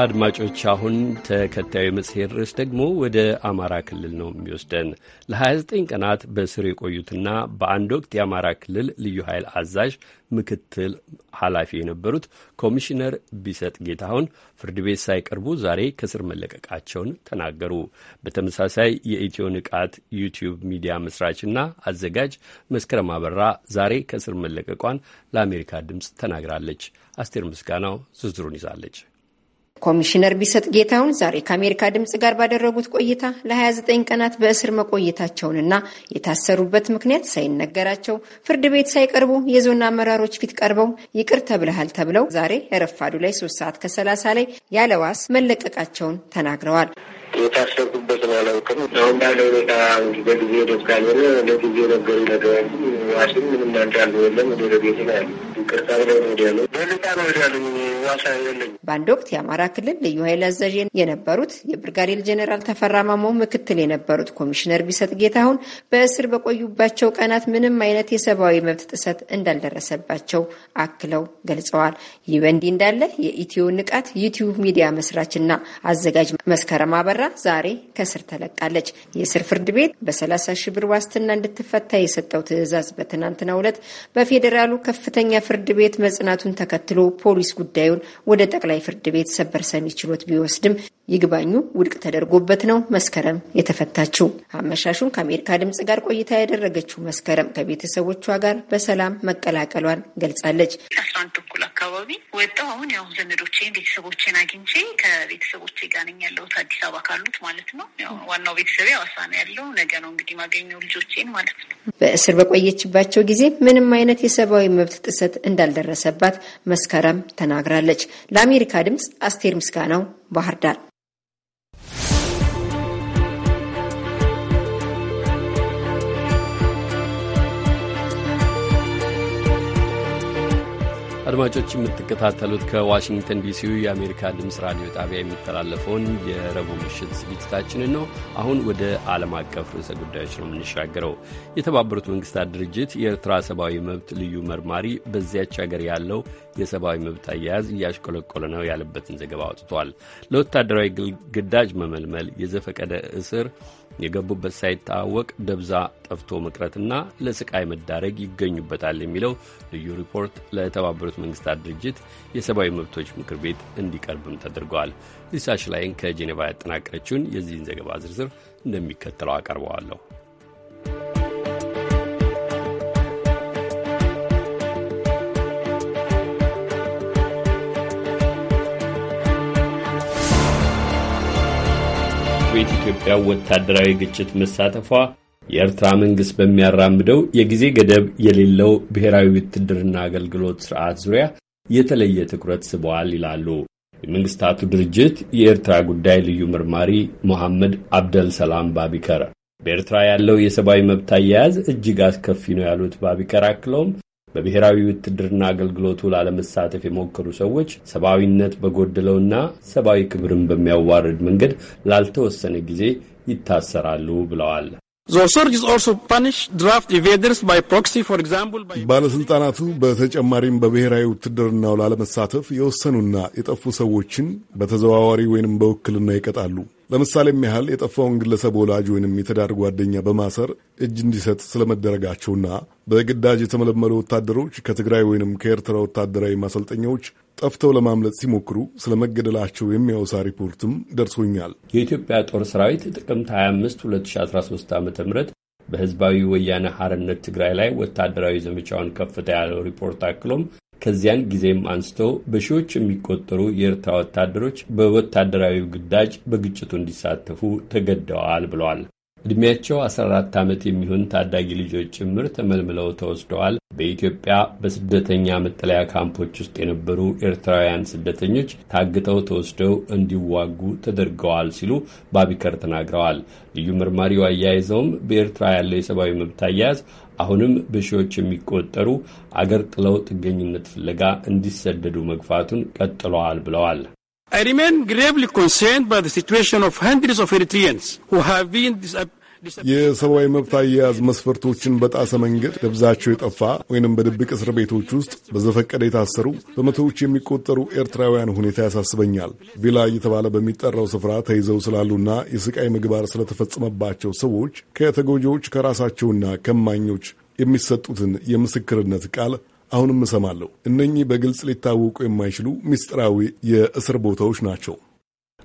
Speaker 4: አድማጮች አሁን ተከታዩ መጽሔት ርዕስ ደግሞ ወደ አማራ ክልል ነው የሚወስደን። ለ29 ቀናት በስር የቆዩትና በአንድ ወቅት የአማራ ክልል ልዩ ኃይል አዛዥ ምክትል ኃላፊ የነበሩት ኮሚሽነር ቢሰጥ ጌታሁን ፍርድ ቤት ሳይቀርቡ ዛሬ ከስር መለቀቃቸውን ተናገሩ። በተመሳሳይ የኢትዮ ንቃት ዩቲዩብ ሚዲያ መስራችና አዘጋጅ መስከረም አበራ ዛሬ ከስር መለቀቋን ለአሜሪካ ድምፅ ተናግራለች። አስቴር ምስጋናው ዝርዝሩን
Speaker 7: ይዛለች። ኮሚሽነር ቢሰጥ ጌታውን ዛሬ ከአሜሪካ ድምፅ ጋር ባደረጉት ቆይታ ለ29 ቀናት በእስር መቆየታቸውንና የታሰሩበት ምክንያት ሳይነገራቸው ፍርድ ቤት ሳይቀርቡ የዞን አመራሮች ፊት ቀርበው ይቅር ተብለሃል ተብለው ዛሬ ረፋዱ ላይ ሶስት ሰዓት ከ30 ላይ ያለ ዋስ መለቀቃቸውን ተናግረዋል።
Speaker 11: የታሰሩበት አላውቅም። አሁን ባለ ሁኔታ በጊዜ ለጊዜ ነገሩ ነገ ዋስም ምንም ወደ ቤት ነው ያለ
Speaker 7: በአንድ ወቅት የአማራ ክልል ልዩ ኃይል አዛዥ የነበሩት የብርጋዴር ጀኔራል ተፈራ ማሞ ምክትል የነበሩት ኮሚሽነር ቢሰጥ ጌታሁን በእስር በቆዩባቸው ቀናት ምንም አይነት የሰብአዊ መብት ጥሰት እንዳልደረሰባቸው አክለው ገልጸዋል። ይህ በእንዲህ እንዳለ የኢትዮ ንቃት ዩቲዩብ ሚዲያ መስራችና አዘጋጅ መስከረም አበራ ዛሬ ከእስር ተለቃለች። የእስር ፍርድ ቤት በ ሺህ ብር ዋስትና እንድትፈታ የሰጠው ትዕዛዝ በትናንትናው ዕለት በፌዴራሉ ከፍተኛ ፍርድ ቤት መጽናቱን ተከትሎ ፖሊስ ጉዳዩን ወደ ጠቅላይ ፍርድ ቤት ሰበር ሰሚ ችሎት ቢወስድም ይግባኙ ውድቅ ተደርጎበት ነው መስከረም የተፈታችው። አመሻሹን ከአሜሪካ ድምጽ ጋር ቆይታ ያደረገችው መስከረም ከቤተሰቦቿ ጋር በሰላም መቀላቀሏን ገልጻለች።
Speaker 5: አስራ አንድ ተኩል አካባቢ ወጣሁ። አሁን ያው ዘመዶቼን ቤተሰቦቼን አግኝቼ ከቤተሰቦቼ ጋር ነኝ ያለሁት አዲስ አበባ ካሉት ማለት ነው። ዋናው ቤተሰቤ ሐዋሳ ነው ያለው። ነገ ነው እንግዲህ ማገኘው ልጆቼን ማለት
Speaker 7: ነው። በእስር በቆየችባቸው ጊዜ ምንም አይነት የሰብአዊ መብት ጥሰት እንዳልደረሰባት መስከረም ተናግራለች። ለአሜሪካ ድምጽ አስቴር ምስጋናው ባህር ዳር
Speaker 4: አድማጮች የምትከታተሉት ከዋሽንግተን ዲሲው የአሜሪካ ድምፅ ራዲዮ ጣቢያ የሚተላለፈውን የረቡዕ ምሽት ዝግጅታችንን ነው። አሁን ወደ ዓለም አቀፍ ርዕሰ ጉዳዮች ነው የምንሻገረው። የተባበሩት መንግስታት ድርጅት የኤርትራ ሰብአዊ መብት ልዩ መርማሪ በዚያች ሀገር ያለው የሰብአዊ መብት አያያዝ እያሽቆለቆለ ነው ያለበትን ዘገባ አውጥቷል። ለወታደራዊ ግዳጅ መመልመል፣ የዘፈቀደ እስር የገቡበት ሳይታወቅ ደብዛ ጠፍቶ መቅረትና ለስቃይ መዳረግ ይገኙበታል የሚለው ልዩ ሪፖርት ለተባበሩት መንግስታት ድርጅት የሰብአዊ መብቶች ምክር ቤት እንዲቀርብም ተደርገዋል። ሊሳሽ ላይን ከጄኔቫ ያጠናቀረችውን የዚህን ዘገባ ዝርዝር እንደሚከተለው አቀርበዋለሁ። ቤት ኢትዮጵያ ወታደራዊ ግጭት መሳተፏ የኤርትራ መንግሥት በሚያራምደው የጊዜ ገደብ የሌለው ብሔራዊ ውትድርና አገልግሎት ሥርዓት ዙሪያ የተለየ ትኩረት ስበዋል ይላሉ የመንግሥታቱ ድርጅት የኤርትራ ጉዳይ ልዩ ምርማሪ ሞሐመድ አብደል ሰላም ባቢከር። በኤርትራ ያለው የሰብአዊ መብት አያያዝ እጅግ አስከፊ ነው ያሉት ባቢከር አክለውም በብሔራዊ ውትድርና አገልግሎቱ ላለመሳተፍ የሞከሩ ሰዎች ሰብአዊነት በጎደለውና ሰብአዊ ክብርን በሚያዋርድ መንገድ ላልተወሰነ ጊዜ ይታሰራሉ ብለዋል።
Speaker 12: ባለሥልጣናቱ በተጨማሪም በብሔራዊ ውትድርናው ላለመሳተፍ የወሰኑና የጠፉ ሰዎችን በተዘዋዋሪ ወይንም በውክልና ይቀጣሉ። ለምሳሌም ያህል የጠፋውን ግለሰብ ወላጅ ወይንም የተዳር ጓደኛ በማሰር እጅ እንዲሰጥ ስለመደረጋቸውና በግዳጅ የተመለመሉ ወታደሮች ከትግራይ ወይንም ከኤርትራ ወታደራዊ ማሰልጠኛዎች ጠፍተው ለማምለጥ ሲሞክሩ ስለመገደላቸው የሚያወሳ ሪፖርትም ደርሶኛል።
Speaker 4: የኢትዮጵያ ጦር ሰራዊት ጥቅምት 25 2013 ዓ ም በህዝባዊ ወያነ ሐርነት ትግራይ ላይ ወታደራዊ ዘመቻውን ከፍታ ያለው ሪፖርት አክሎም ከዚያን ጊዜም አንስቶ በሺዎች የሚቆጠሩ የኤርትራ ወታደሮች በወታደራዊ ግዳጅ በግጭቱ እንዲሳተፉ ተገደዋል ብለዋል። እድሜያቸው 14 ዓመት የሚሆን ታዳጊ ልጆች ጭምር ተመልምለው ተወስደዋል። በኢትዮጵያ በስደተኛ መጠለያ ካምፖች ውስጥ የነበሩ ኤርትራውያን ስደተኞች ታግተው ተወስደው እንዲዋጉ ተደርገዋል ሲሉ ባቢከር ተናግረዋል። ልዩ መርማሪው አያይዘውም በኤርትራ ያለው የሰብአዊ መብት አያያዝ አሁንም በሺዎች የሚቆጠሩ አገር ጥለው ጥገኝነት ፍለጋ እንዲሰደዱ መግፋቱን ቀጥለዋል
Speaker 9: ብለዋል። I remain gravely concerned by the situation of hundreds of Eritreans who have
Speaker 1: been
Speaker 12: የሰብአዊ መብት አያያዝ መስፈርቶችን በጣሰ መንገድ ደብዛቸው የጠፋ ወይንም በድብቅ እስር ቤቶች ውስጥ በዘፈቀደ የታሰሩ በመቶዎች የሚቆጠሩ ኤርትራውያን ሁኔታ ያሳስበኛል። ቪላ እየተባለ በሚጠራው ስፍራ ተይዘው ስላሉና የስቃይ ምግባር ስለተፈጸመባቸው ሰዎች ከተጎጂዎች ከራሳቸውና ከማኞች የሚሰጡትን የምስክርነት ቃል አሁንም እሰማለሁ። እነኚህ በግልጽ ሊታወቁ የማይችሉ ምስጢራዊ የእስር ቦታዎች ናቸው።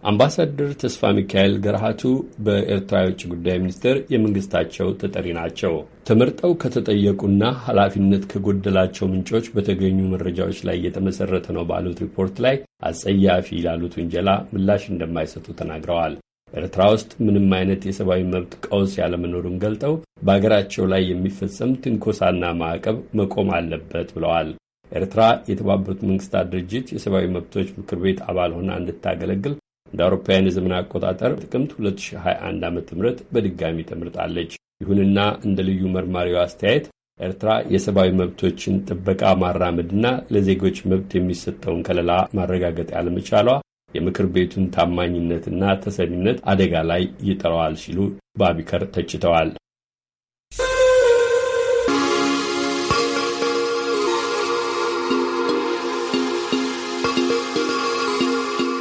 Speaker 12: አምባሳደር ተስፋ ሚካኤል ገርሃቱ በኤርትራ
Speaker 4: የውጭ ጉዳይ ሚኒስቴር የመንግስታቸው ተጠሪ ናቸው። ተመርጠው ከተጠየቁና ኃላፊነት ከጎደላቸው ምንጮች በተገኙ መረጃዎች ላይ የተመሰረተ ነው ባሉት ሪፖርት ላይ አጸያፊ ላሉት ውንጀላ ምላሽ እንደማይሰጡ ተናግረዋል። ኤርትራ ውስጥ ምንም አይነት የሰብአዊ መብት ቀውስ ያለመኖሩን ገልጠው በሀገራቸው ላይ የሚፈጸም ትንኮሳና ማዕቀብ መቆም አለበት ብለዋል። ኤርትራ የተባበሩት መንግስታት ድርጅት የሰብአዊ መብቶች ምክር ቤት አባል ሆና እንድታገለግል እንደ አውሮፓውያን የዘመን አቆጣጠር ጥቅምት 2021 ዓ ም በድጋሚ ተመርጣለች። ይሁንና እንደ ልዩ መርማሪው አስተያየት ኤርትራ የሰብአዊ መብቶችን ጥበቃ ማራመድና ለዜጎች መብት የሚሰጠውን ከለላ ማረጋገጥ ያለመቻሏ የምክር ቤቱን ታማኝነትና ተሰሚነት አደጋ ላይ ይጥለዋል ሲሉ ባቢከር ተችተዋል።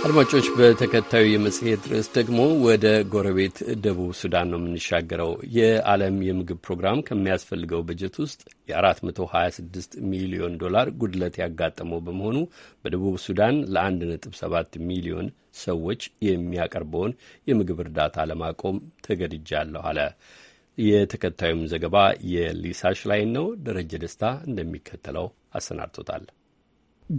Speaker 4: አድማጮች በተከታዩ የመጽሔት ርዕስ ደግሞ ወደ ጎረቤት ደቡብ ሱዳን ነው የምንሻገረው። የዓለም የምግብ ፕሮግራም ከሚያስፈልገው በጀት ውስጥ የ426 ሚሊዮን ዶላር ጉድለት ያጋጠመው በመሆኑ በደቡብ ሱዳን ለ1.7 ሚሊዮን ሰዎች የሚያቀርበውን የምግብ እርዳታ ለማቆም ተገድጃለሁ አለ። የተከታዩም ዘገባ የሊሳሽ ላይን ነው። ደረጀ ደስታ እንደሚከተለው አሰናድቶታል።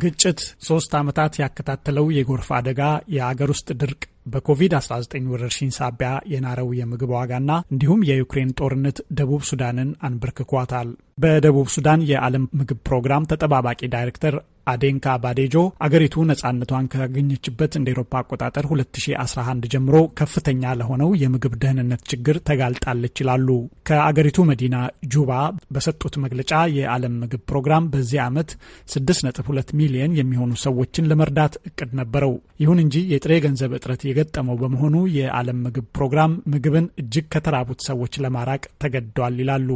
Speaker 13: ግጭት፣ ሶስት ዓመታት ያከታተለው የጎርፍ አደጋ፣ የአገር ውስጥ ድርቅ፣ በኮቪድ-19 ወረርሽኝ ሳቢያ የናረው የምግብ ዋጋና እንዲሁም የዩክሬን ጦርነት ደቡብ ሱዳንን አንበርክኳታል። በደቡብ ሱዳን የዓለም ምግብ ፕሮግራም ተጠባባቂ ዳይሬክተር አዴንካ ባዴጆ አገሪቱ ነጻነቷን ካገኘችበት እንደ ኤሮፓ አቆጣጠር 2011 ጀምሮ ከፍተኛ ለሆነው የምግብ ደህንነት ችግር ተጋልጣለች ይላሉ። ከአገሪቱ መዲና ጁባ በሰጡት መግለጫ የዓለም ምግብ ፕሮግራም በዚህ ዓመት 6.2 ሚሊየን የሚሆኑ ሰዎችን ለመርዳት እቅድ ነበረው። ይሁን እንጂ የጥሬ ገንዘብ እጥረት የገጠመው በመሆኑ የዓለም ምግብ ፕሮግራም ምግብን እጅግ ከተራቡት ሰዎች ለማራቅ ተገድዷል ይላሉ።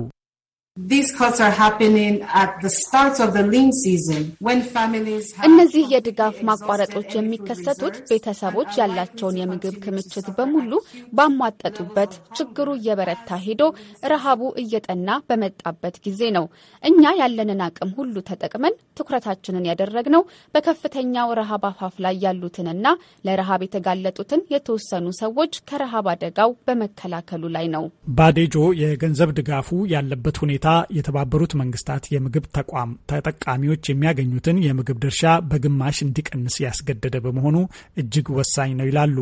Speaker 14: እነዚህ የድጋፍ ማቋረጦች የሚከሰቱት ቤተሰቦች ያላቸውን የምግብ ክምችት በሙሉ ባሟጠጡበት ችግሩ እየበረታ ሄዶ ረሃቡ እየጠና በመጣበት ጊዜ ነው። እኛ ያለንን አቅም ሁሉ ተጠቅመን ትኩረታችንን ያደረግነው በከፍተኛው ረሃብ አፋፍ ላይ ያሉትንና ለረሃብ የተጋለጡትን የተወሰኑ ሰዎች ከረሃብ አደጋው በመከላከሉ ላይ ነው።
Speaker 13: ባዴጆ የገንዘብ ድጋፉ ያለበት ሁኔታ ሁኔታ የተባበሩት መንግስታት የምግብ ተቋም ተጠቃሚዎች የሚያገኙትን የምግብ ድርሻ በግማሽ እንዲቀንስ ያስገደደ በመሆኑ እጅግ ወሳኝ ነው ይላሉ።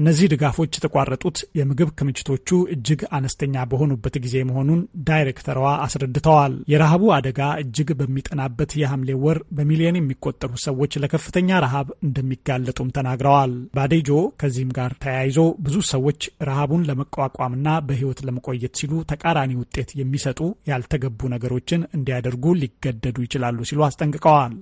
Speaker 13: እነዚህ ድጋፎች የተቋረጡት የምግብ ክምችቶቹ እጅግ አነስተኛ በሆኑበት ጊዜ መሆኑን ዳይሬክተሯ አስረድተዋል። የረሃቡ አደጋ እጅግ በሚጠናበት የሐምሌ ወር በሚሊዮን የሚቆጠሩ ሰዎች ለከፍተኛ ረሃብ እንደሚጋለጡም ተናግረዋል። ባዴጆ ከዚህም ጋር ተያይዞ ብዙ ሰዎች ረሃቡን ለመቋቋምና በሕይወት ለመቆየት ሲሉ ተቃራኒ ውጤት የሚሰጡ ያልተገቡ ነገሮችን እንዲያደርጉ ሊገደዱ ይችላሉ ሲሉ አስጠንቅቀዋል።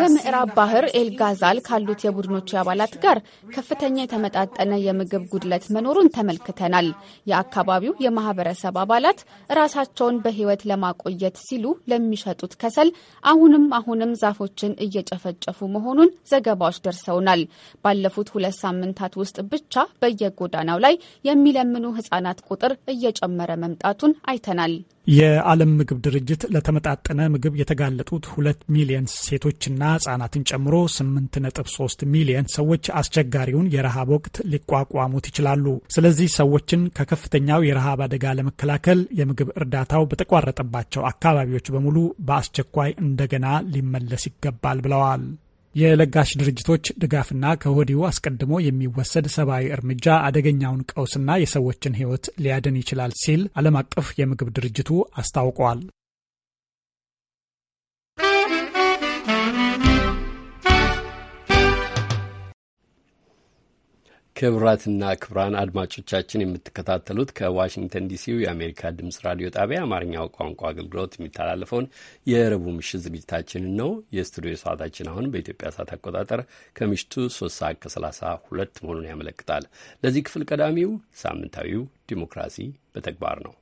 Speaker 14: በምዕራብ ባህር ኤልጋዛል ካሉት የቡድኖች አባላት ጋር ከፍተኛ የተመጣጠነ የምግብ ጉድለት መኖሩን ተመልክተናል። የአካባቢው የማህበረሰብ አባላት ራሳቸውን በሕይወት ለማቆየት ሲሉ ለሚሸጡት ከሰል አሁንም አሁንም ዛፎችን እየጨፈጨፉ መሆኑን ዘገባዎች ደርሰውናል። ባለፉት ሁለት ሳምንታት ውስጥ ብቻ በየጎዳናው ላይ የሚለምኑ ሕጻናት ቁጥር እየጨመረ መምጣቱን አይተናል።
Speaker 13: የዓለም ምግብ ድርጅት ለተመጣጠነ ምግብ የተጋለጡት ሁለት ሚሊየን ሴቶችና ህጻናትን ጨምሮ 8.3 ሚሊየን ሰዎች አስቸጋሪውን የረሃብ ወቅት ሊቋቋሙት ይችላሉ። ስለዚህ ሰዎችን ከከፍተኛው የረሃብ አደጋ ለመከላከል የምግብ እርዳታው በተቋረጠባቸው አካባቢዎች በሙሉ በአስቸኳይ እንደገና ሊመለስ ይገባል ብለዋል። የለጋሽ ድርጅቶች ድጋፍና ከወዲሁ አስቀድሞ የሚወሰድ ሰብአዊ እርምጃ አደገኛውን ቀውስና የሰዎችን ሕይወት ሊያድን ይችላል ሲል ዓለም አቀፍ የምግብ ድርጅቱ አስታውቋል።
Speaker 4: ክቡራትና ክቡራን አድማጮቻችን የምትከታተሉት ከዋሽንግተን ዲሲው የአሜሪካ ድምጽ ራዲዮ ጣቢያ አማርኛው ቋንቋ አገልግሎት የሚተላለፈውን የረቡዕ ምሽት ዝግጅታችንን ነው። የስቱዲዮ ሰዓታችን አሁን በኢትዮጵያ ሰዓት አቆጣጠር ከምሽቱ 3 ሰዓት ከ32 መሆኑን ያመለክታል። ለዚህ ክፍል ቀዳሚው ሳምንታዊው ዲሞክራሲ በተግባር ነው።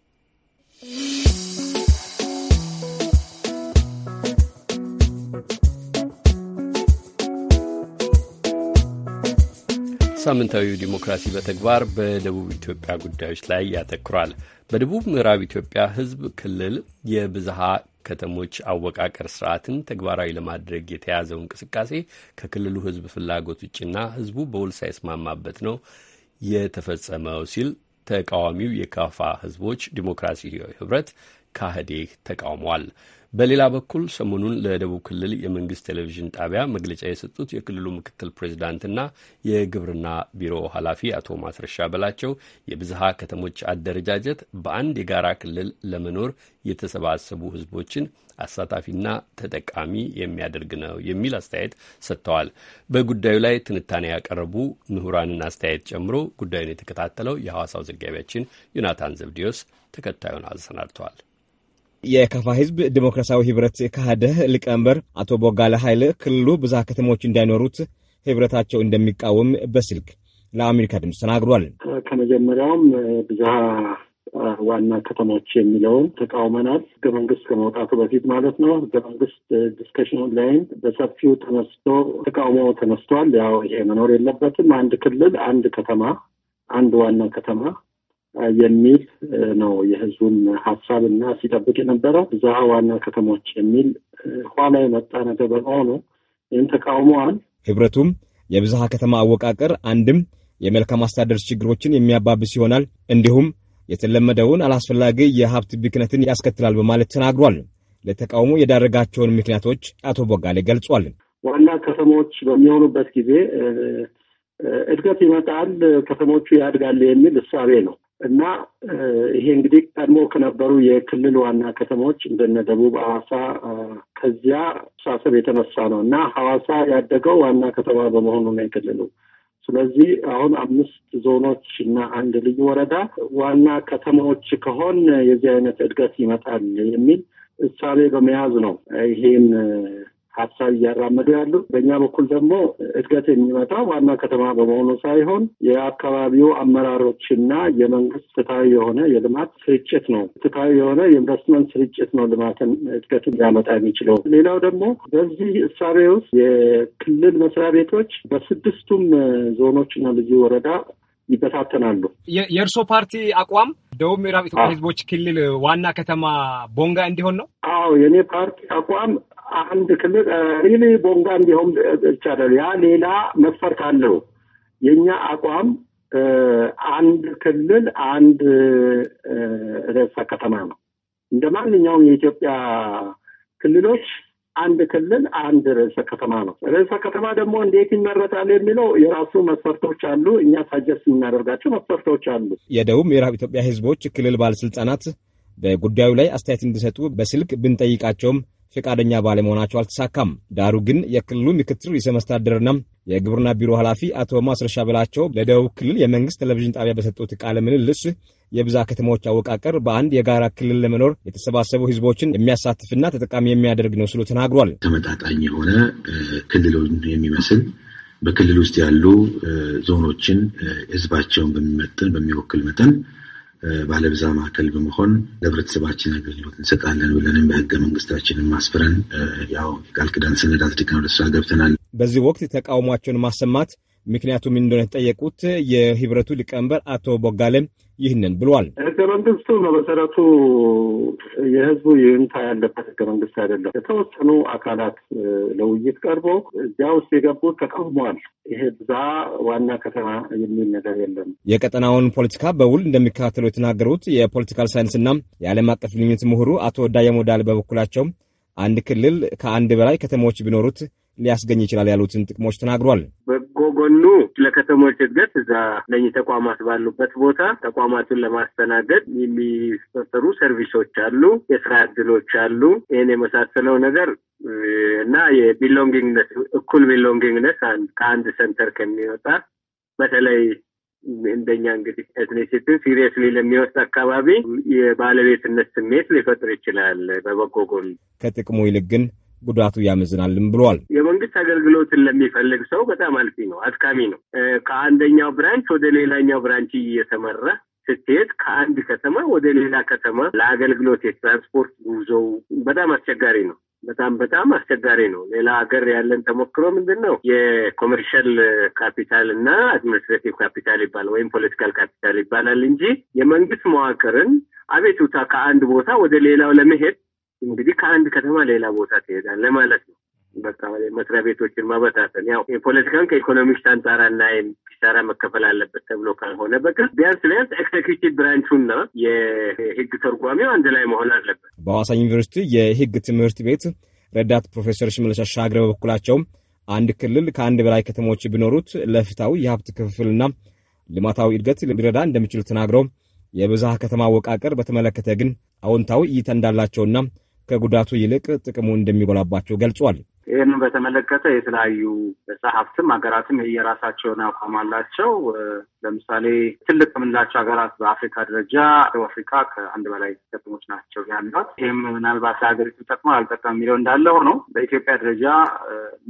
Speaker 4: ሳምንታዊው ዲሞክራሲ በተግባር በደቡብ ኢትዮጵያ ጉዳዮች ላይ ያተኩራል። በደቡብ ምዕራብ ኢትዮጵያ ሕዝብ ክልል የብዝሃ ከተሞች አወቃቀር ስርዓትን ተግባራዊ ለማድረግ የተያዘው እንቅስቃሴ ከክልሉ ሕዝብ ፍላጎት ውጭና ሕዝቡ በውል ሳይስማማበት ነው የተፈጸመው ሲል ተቃዋሚው የካፋ ሕዝቦች ዲሞክራሲ ህብረት ካህዴ ተቃውሟል። በሌላ በኩል ሰሞኑን ለደቡብ ክልል የመንግስት ቴሌቪዥን ጣቢያ መግለጫ የሰጡት የክልሉ ምክትል ፕሬዚዳንትና የግብርና ቢሮ ኃላፊ አቶ ማስረሻ በላቸው የብዝሃ ከተሞች አደረጃጀት በአንድ የጋራ ክልል ለመኖር የተሰባሰቡ ህዝቦችን አሳታፊና ተጠቃሚ የሚያደርግ ነው የሚል አስተያየት ሰጥተዋል። በጉዳዩ ላይ ትንታኔ ያቀረቡ ምሁራንን አስተያየት ጨምሮ ጉዳዩን የተከታተለው የሐዋሳው ዘጋቢያችን ዮናታን ዘብዲዮስ ተከታዩን አሰናድተዋል።
Speaker 15: የከፋ ህዝብ ዲሞክራሲያዊ ህብረት ካህደህ ሊቀመንበር አቶ ቦጋለ ኃይል ክልሉ ብዝሃ ከተሞች እንዳይኖሩት ህብረታቸው እንደሚቃወም በስልክ ለአሜሪካ ድምፅ ተናግሯል።
Speaker 1: ከመጀመሪያውም ብዝሃ ዋና ከተሞች የሚለውን ተቃውመናል። ህገ መንግስት ከመውጣቱ በፊት ማለት ነው። ህገ መንግስት ዲስከሽን ላይም በሰፊው ተነስቶ ተቃውሞ ተነስቷል። ያው ይሄ መኖር የለበትም። አንድ ክልል፣ አንድ ከተማ፣ አንድ ዋና ከተማ የሚል ነው የህዝቡን ሀሳብ እና ሲጠብቅ የነበረ ብዝሃ ዋና ከተሞች የሚል ኋላ የመጣ ነገር በመሆኑ ይህም ተቃውመዋል።
Speaker 15: ህብረቱም የብዝሃ ከተማ አወቃቀር አንድም የመልካም አስተዳደር ችግሮችን የሚያባብስ ይሆናል፣ እንዲሁም የተለመደውን አላስፈላጊ የሀብት ብክነትን ያስከትላል በማለት ተናግሯል። ለተቃውሞ የዳረጋቸውን ምክንያቶች አቶ ቦጋሌ ገልጿል።
Speaker 1: ዋና ከተሞች በሚሆኑበት ጊዜ እድገት ይመጣል፣ ከተሞቹ ያድጋል የሚል እሳቤ ነው እና ይሄ እንግዲህ ቀድሞ ከነበሩ የክልል ዋና ከተሞች እንደነ ደቡብ ሐዋሳ ከዚያ አስተሳሰብ የተነሳ ነው እና ሐዋሳ ያደገው ዋና ከተማ በመሆኑ ነው የክልሉ። ስለዚህ አሁን አምስት ዞኖች እና አንድ ልዩ ወረዳ ዋና ከተማዎች ከሆን የዚህ አይነት እድገት ይመጣል የሚል እሳቤ በመያዝ ነው ይሄን ሀሳብ እያራመዱ ያሉ። በእኛ በኩል ደግሞ እድገት የሚመጣው ዋና ከተማ በመሆኑ ሳይሆን የአካባቢው አመራሮችና የመንግስት ፍትሐዊ የሆነ የልማት ስርጭት ነው። ፍትሐዊ የሆነ የኢንቨስትመንት ስርጭት ነው ልማትን እድገትን ሊያመጣ የሚችለው። ሌላው ደግሞ በዚህ እሳቤ ውስጥ የክልል መስሪያ ቤቶች በስድስቱም ዞኖችና ልዩ ወረዳ ይበታተናሉ።
Speaker 15: የእርሶ ፓርቲ አቋም ደቡብ ምዕራብ ኢትዮጵያ ሕዝቦች ክልል ዋና ከተማ ቦንጋ እንዲሆን ነው?
Speaker 1: አዎ የእኔ ፓርቲ አቋም አንድ ክልል ሪሊ ቦንጋ እንዲሆን ይቻላል። ያ ሌላ መስፈርት አለው። የእኛ አቋም አንድ ክልል አንድ ርዕሰ ከተማ ነው። እንደ ማንኛውም የኢትዮጵያ ክልሎች አንድ ክልል አንድ ርዕሰ ከተማ ነው። ርዕሰ ከተማ ደግሞ እንዴት ይመረጣል የሚለው የራሱ መስፈርቶች አሉ። እኛ ሳጀስት የምናደርጋቸው መስፈርቶች አሉ።
Speaker 15: የደቡብ ምዕራብ ኢትዮጵያ ሕዝቦች ክልል ባለስልጣናት በጉዳዩ ላይ አስተያየት እንዲሰጡ በስልክ ብንጠይቃቸውም ፈቃደኛ ባለመሆናቸው አልተሳካም። ዳሩ ግን የክልሉ ምክትል ርዕሰ መስተዳድርና የግብርና ቢሮ ኃላፊ አቶ ማስረሻ ብላቸው ለደቡብ ክልል የመንግስት ቴሌቪዥን ጣቢያ በሰጡት ቃለ ምልልስ የብዛ ከተሞች አወቃቀር በአንድ የጋራ ክልል ለመኖር የተሰባሰቡ ህዝቦችን የሚያሳትፍና ተጠቃሚ የሚያደርግ ነው ስሉ ተናግሯል።
Speaker 1: ተመጣጣኝ የሆነ ክልሉን የሚመስል በክልል ውስጥ ያሉ ዞኖችን ህዝባቸውን በሚመጥን በሚወክል መጠን ባለብዛ ማዕከል በመሆን ለህብረተሰባችን አገልግሎት እንሰጣለን ብለንም በህገ መንግስታችንን ማስፈረን ያው ቃል ክዳን ሰነድ አጽድቀን ወደ ስራ ገብተናል።
Speaker 15: በዚህ ወቅት ተቃውሟቸውን ማሰማት ምክንያቱም እንደሆነ የተጠየቁት የህብረቱ ሊቀመንበር አቶ ቦጋለም ይህንን ብሏል።
Speaker 1: ህገ መንግስቱ በመሰረቱ የህዝቡ ይሁንታ ያለበት ህገ መንግስት አይደለም። የተወሰኑ አካላት ለውይይት ቀርቦ እዚያ ውስጥ የገቡት ተቃውመዋል። ይሄ ብዛ ዋና ከተማ
Speaker 11: የሚል ነገር የለም።
Speaker 15: የቀጠናውን ፖለቲካ በውል እንደሚከታተሉ የተናገሩት የፖለቲካል ሳይንስና የዓለም አቀፍ ግንኙነት ምሁሩ አቶ ወዳየ ዳል በበኩላቸው አንድ ክልል ከአንድ በላይ ከተሞች ቢኖሩት ሊያስገኝ ይችላል ያሉትን ጥቅሞች ተናግሯል።
Speaker 11: ከጎኑ ለከተሞች እድገት እዛ ለኝ ተቋማት ባሉበት ቦታ ተቋማቱን ለማስተናገድ የሚፈጠሩ ሰርቪሶች አሉ፣ የስራ እድሎች አሉ። ይህን የመሳሰለው ነገር እና የቢሎንጊንግነስ እኩል ቢሎንጊንግነስ ከአንድ ሰንተር ከሚወጣ በተለይ እንደኛ እንግዲህ ኤትኒሲቲን ሲሪየስሊ ለሚወስድ አካባቢ የባለቤትነት ስሜት ሊፈጥር ይችላል። በበጎ ጎን
Speaker 15: ከጥቅሙ ይልቅ ግን ጉዳቱ ያመዝናልም ብሏል።
Speaker 11: የመንግስት አገልግሎትን ለሚፈልግ ሰው በጣም አልፊ ነው፣ አድካሚ ነው። ከአንደኛው ብራንች ወደ ሌላኛው ብራንች እየተመራ ስትሄድ ከአንድ ከተማ ወደ ሌላ ከተማ ለአገልግሎት የትራንስፖርት ጉዞው በጣም አስቸጋሪ ነው። በጣም በጣም አስቸጋሪ ነው። ሌላ ሀገር ያለን ተሞክሮ ምንድን ነው? የኮመርሻል ካፒታል እና አድሚኒስትሬቲቭ ካፒታል ይባላል ወይም ፖለቲካል ካፒታል ይባላል እንጂ የመንግስት መዋቅርን አቤቱታ ከአንድ ቦታ ወደ ሌላው ለመሄድ እንግዲህ ከአንድ ከተማ ሌላ ቦታ ትሄዳል ለማለት ነው። በቃ መስሪያ ቤቶችን ማበታተን ያው የፖለቲካን ከኢኮኖሚክስ አንጻር እናይም ኪሳራ መከፈል አለበት ተብሎ ካልሆነ በቀር ቢያንስ ቢያንስ ኤክሴኪዩቲቭ ብራንቹና የህግ ተርጓሚው አንድ ላይ መሆን አለበት።
Speaker 15: በሐዋሳ ዩኒቨርሲቲ የህግ ትምህርት ቤት ረዳት ፕሮፌሰር ሽመለስ አሻግረ በበኩላቸው አንድ ክልል ከአንድ በላይ ከተሞች ቢኖሩት ለፍታዊ የሀብት ክፍፍልና ልማታዊ እድገት ሊረዳ እንደሚችሉ ተናግረው የብዝሃ ከተማ አወቃቀር በተመለከተ ግን አዎንታዊ እይታ እንዳላቸውና ከጉዳቱ ይልቅ ጥቅሙ እንደሚጎላባቸው ገልጿል።
Speaker 1: ይህንን በተመለከተ የተለያዩ ጸሐፍትም ሀገራትም የየራሳቸውን አቋም አላቸው። ለምሳሌ ትልቅ የምንላቸው ሀገራት በአፍሪካ ደረጃ ደቡብ አፍሪካ ከአንድ በላይ ከተሞች ናቸው ያሏት። ይህም ምናልባት ለሀገሪቱ ይጠቅማል አልጠቀም የሚለው እንዳለ ሆኖ በኢትዮጵያ ደረጃ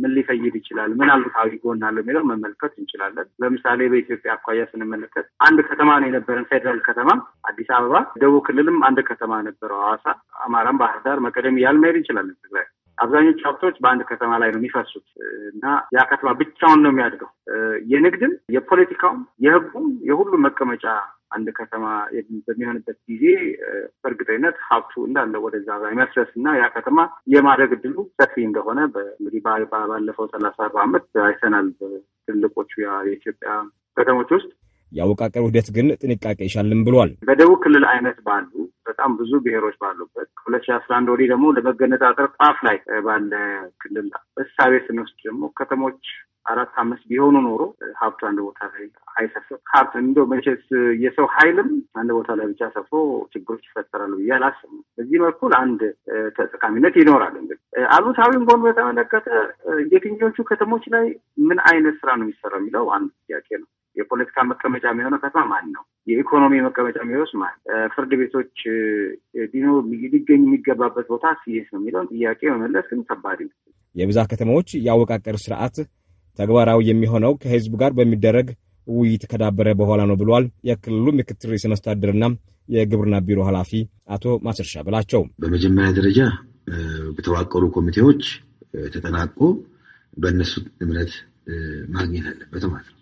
Speaker 1: ምን ሊፈይድ ይችላል፣ ምን አሉታዊ ጎን አለው የሚለው መመልከት እንችላለን። ለምሳሌ በኢትዮጵያ አኳያ ስንመለከት አንድ ከተማ ነው የነበረን ፌዴራል ከተማ አዲስ አበባ፣ ደቡብ ክልልም አንድ ከተማ ነበረው ሐዋሳ፣ አማራም ባህር ዳር፣ መቀደም እያልን መሄድ እንችላለን ትግራይ አብዛኞቹ ሀብቶች በአንድ ከተማ ላይ ነው የሚፈሱት እና ያ ከተማ ብቻውን ነው የሚያድገው። የንግድም፣ የፖለቲካውም፣ የህጉም የሁሉም መቀመጫ አንድ ከተማ በሚሆንበት ጊዜ በእርግጠኝነት ሀብቱ እንዳለ ወደዛ የመስረስ እና ያ ከተማ የማድረግ እድሉ ሰፊ እንደሆነ እንግዲህ ባለፈው ሰላሳ አርባ ዓመት አይተናል። ትልቆቹ የኢትዮጵያ ከተሞች ውስጥ
Speaker 15: የአወቃቀር ውህደት ግን ጥንቃቄ ይሻልም ብሏል።
Speaker 1: በደቡብ ክልል አይነት ባሉ በጣም ብዙ ብሔሮች ባሉበት ሁለት ሺህ አስራ አንድ ወዲህ ደግሞ ለመገነጣጠር ጣፍ ላይ ባለ ክልል እሳቤ ስንወስድ ደግሞ ከተሞች አራት አምስት ቢሆኑ ኖሮ ሀብቱ አንድ ቦታ ላይ አይሰፍም። ሀብት እንደው መቼስ የሰው ኃይልም አንድ ቦታ ላይ ብቻ ሰፍሮ ችግሮች ይፈጠራሉ ብዬ አላስብም። በዚህ በኩል አንድ ተጠቃሚነት ይኖራል። እንግዲህ አሉታዊም ጎን በተመለከተ የትኞቹ ከተሞች ላይ ምን አይነት ስራ ነው የሚሰራ የሚለው አንድ ጥያቄ ነው። የፖለቲካ መቀመጫ የሚሆነው ከተማ ማን ነው? የኢኮኖሚ መቀመጫ የሚሆስ ማን? ፍርድ ቤቶች ሊኖር ሊገኝ የሚገባበት ቦታ ስየት ነው የሚለውን ጥያቄ መመለስ ግን ከባድ ነው።
Speaker 15: የብዛ ከተማዎች የአወቃቀር ስርዓት ተግባራዊ የሚሆነው ከህዝብ ጋር በሚደረግ ውይይት ከዳበረ በኋላ ነው ብሏል። የክልሉ ምክትል ርዕሰ መስተዳድርና የግብርና ቢሮ ኃላፊ አቶ ማስርሻ ብላቸው
Speaker 1: በመጀመሪያ ደረጃ በተዋቀሩ ኮሚቴዎች ተጠናቆ በእነሱ እምነት ማግኘት አለበት ማለት ነው።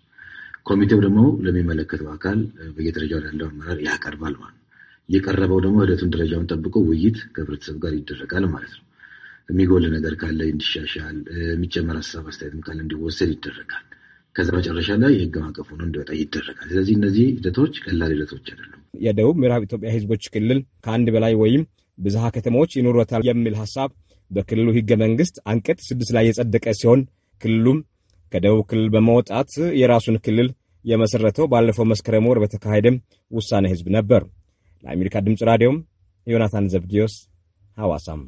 Speaker 1: ኮሚቴው ደግሞ ለሚመለከተው አካል በየደረጃው ያለው አመራር ያቀርባል ማለት ነው። እየቀረበው ደግሞ ሂደቱን ደረጃውን ጠብቆ ውይይት ከህብረተሰብ ጋር ይደረጋል ማለት ነው። የሚጎል ነገር ካለ እንዲሻሻል፣ የሚጨመር ሀሳብ አስተያየትም ካለ እንዲወሰድ ይደረጋል። ከዛ መጨረሻ ላይ የህግ ማዕቀፍ ሆኖ እንዲወጣ ይደረጋል። ስለዚህ እነዚህ ሂደቶች ቀላል ሂደቶች አይደሉም።
Speaker 15: የደቡብ ምዕራብ ኢትዮጵያ ህዝቦች ክልል ከአንድ በላይ ወይም ብዝሃ ከተሞች ይኖረታል የሚል ሀሳብ በክልሉ ህገ መንግስት አንቀጽ ስድስት ላይ የጸደቀ ሲሆን ክልሉም ከደቡብ ክልል በመውጣት የራሱን ክልል የመሰረተው ባለፈው መስከረም ወር በተካሄደም ውሳኔ ህዝብ ነበር። ለአሜሪካ ድምፅ ራዲዮም ዮናታን ዘብዲዮስ ሐዋሳም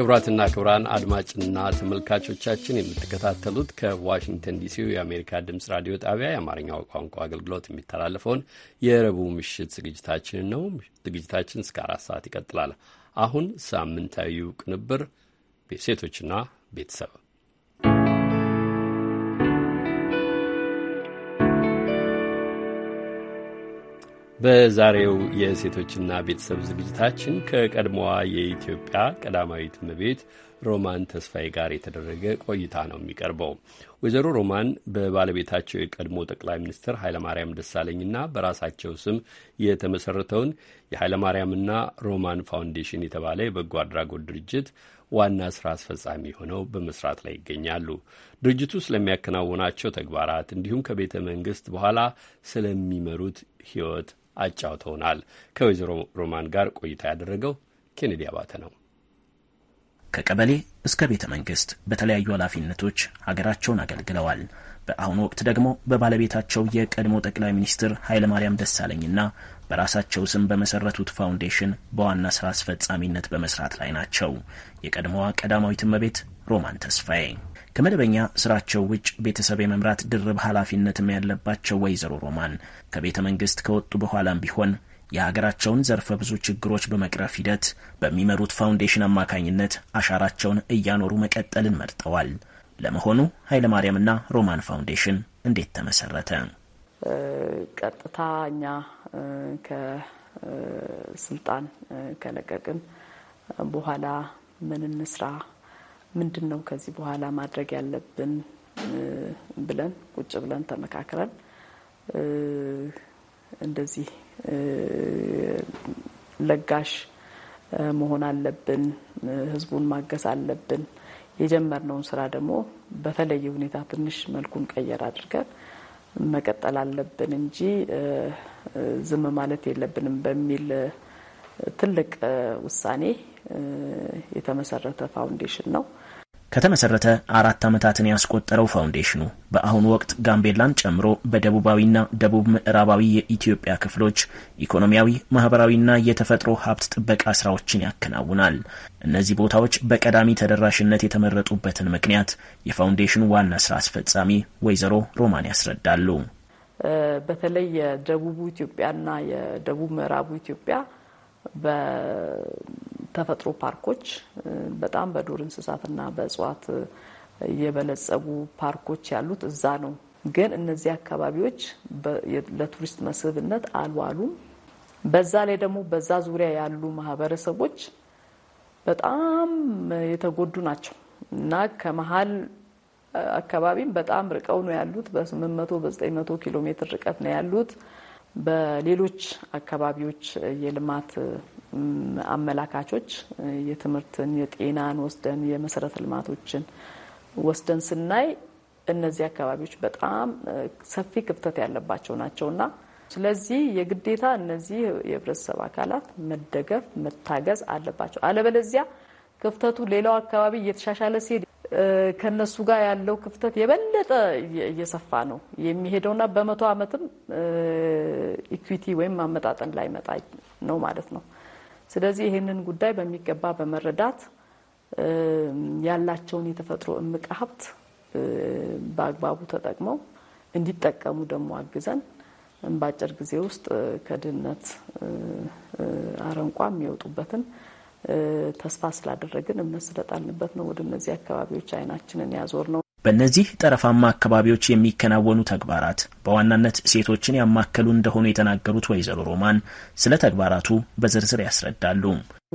Speaker 4: ክቡራትና ክቡራን አድማጭና ተመልካቾቻችን የምትከታተሉት ከዋሽንግተን ዲሲው የአሜሪካ ድምፅ ራዲዮ ጣቢያ የአማርኛው ቋንቋ አገልግሎት የሚተላለፈውን የረቡዕ ምሽት ዝግጅታችን ነው። ዝግጅታችን እስከ አራት ሰዓት ይቀጥላል። አሁን ሳምንታዊው ቅንብር ሴቶችና ቤተሰብ በዛሬው የሴቶችና ቤተሰብ ዝግጅታችን ከቀድሞዋ የኢትዮጵያ ቀዳማዊት እመቤት ሮማን ተስፋዬ ጋር የተደረገ ቆይታ ነው የሚቀርበው። ወይዘሮ ሮማን በባለቤታቸው የቀድሞ ጠቅላይ ሚኒስትር ኃይለማርያም ደሳለኝና በራሳቸው ስም የተመሰረተውን የኃይለማርያምና ሮማን ፋውንዴሽን የተባለ የበጎ አድራጎት ድርጅት ዋና ስራ አስፈጻሚ ሆነው በመስራት ላይ ይገኛሉ። ድርጅቱ ስለሚያከናውናቸው ተግባራት እንዲሁም ከቤተ መንግስት በኋላ ስለሚመሩት ህይወት አጫውተውናል። ከወይዘሮ ሮማን ጋር ቆይታ ያደረገው ኬኔዲ አባተ ነው።
Speaker 16: ከቀበሌ እስከ ቤተ መንግስት በተለያዩ ኃላፊነቶች ሀገራቸውን አገልግለዋል። በአሁኑ ወቅት ደግሞ በባለቤታቸው የቀድሞ ጠቅላይ ሚኒስትር ኃይለማርያም ደሳለኝና በራሳቸው ስም በመሰረቱት ፋውንዴሽን በዋና ስራ አስፈጻሚነት በመስራት ላይ ናቸው። የቀድሞዋ ቀዳማዊት እመቤት ሮማን ተስፋዬ ከመደበኛ ስራቸው ውጭ ቤተሰብ የመምራት ድርብ ኃላፊነትም ያለባቸው ወይዘሮ ሮማን ከቤተ መንግስት ከወጡ በኋላም ቢሆን የሀገራቸውን ዘርፈ ብዙ ችግሮች በመቅረፍ ሂደት በሚመሩት ፋውንዴሽን አማካኝነት አሻራቸውን እያኖሩ መቀጠልን መርጠዋል። ለመሆኑ ኃይለማርያምና ሮማን ፋውንዴሽን እንዴት ተመሰረተ?
Speaker 8: ቀጥታ እኛ ከስልጣን ከለቀቅን በኋላ ምን እንስራ ምንድን ነው ከዚህ በኋላ ማድረግ ያለብን ብለን ቁጭ ብለን ተመካክረን እንደዚህ ለጋሽ መሆን አለብን፣ ህዝቡን ማገስ አለብን። የጀመርነውን ስራ ደግሞ በተለየ ሁኔታ ትንሽ መልኩን ቀየር አድርገን መቀጠል አለብን እንጂ ዝም ማለት የለብንም በሚል ትልቅ ውሳኔ የተመሰረተ ፋውንዴሽን ነው።
Speaker 16: ከተመሰረተ አራት ዓመታትን ያስቆጠረው ፋውንዴሽኑ በአሁኑ ወቅት ጋምቤላን ጨምሮ በደቡባዊና ደቡብ ምዕራባዊ የኢትዮጵያ ክፍሎች ኢኮኖሚያዊ፣ ማህበራዊና የተፈጥሮ ሀብት ጥበቃ ስራዎችን ያከናውናል። እነዚህ ቦታዎች በቀዳሚ ተደራሽነት የተመረጡበትን ምክንያት የፋውንዴሽኑ ዋና ስራ አስፈጻሚ ወይዘሮ ሮማን ያስረዳሉ።
Speaker 8: በተለይ የደቡቡ ኢትዮጵያና የደቡብ ምዕራቡ ኢትዮጵያ በተፈጥሮ ፓርኮች በጣም በዱር እንስሳትና በእጽዋት የበለጸጉ ፓርኮች ያሉት እዛ ነው። ግን እነዚህ አካባቢዎች ለቱሪስት መስህብነት አልዋሉም። በዛ ላይ ደግሞ በዛ ዙሪያ ያሉ ማህበረሰቦች በጣም የተጎዱ ናቸው እና ከመሀል አካባቢም በጣም ርቀው ነው ያሉት። በ800 በ900 ኪሎ ሜትር ርቀት ነው ያሉት። በሌሎች አካባቢዎች የልማት አመላካቾች የትምህርትን፣ የጤናን ወስደን የመሰረተ ልማቶችን ወስደን ስናይ እነዚህ አካባቢዎች በጣም ሰፊ ክፍተት ያለባቸው ናቸውና ስለዚህ የግዴታ እነዚህ የህብረተሰብ አካላት መደገፍ መታገዝ አለባቸው። አለበለዚያ ክፍተቱ ሌላው አካባቢ እየተሻሻለ ሲሄድ ከነሱ ጋር ያለው ክፍተት የበለጠ እየሰፋ ነው የሚሄደውና በመቶ ዓመትም ኢኩዊቲ ወይም ማመጣጠን ላይ መጣ ነው ማለት ነው። ስለዚህ ይህንን ጉዳይ በሚገባ በመረዳት ያላቸውን የተፈጥሮ እምቅ ሀብት በአግባቡ ተጠቅመው እንዲጠቀሙ ደግሞ አግዘን በአጭር ጊዜ ውስጥ ከድህነት አረንቋ የሚወጡበትን ተስፋ ስላደረግን እምነት ስለጣልንበት ነው ወደ እነዚህ አካባቢዎች አይናችንን ያዞር ነው።
Speaker 16: በእነዚህ ጠረፋማ አካባቢዎች የሚከናወኑ ተግባራት በዋናነት ሴቶችን ያማከሉ እንደሆኑ የተናገሩት ወይዘሮ ሮማን ስለ ተግባራቱ በዝርዝር ያስረዳሉ።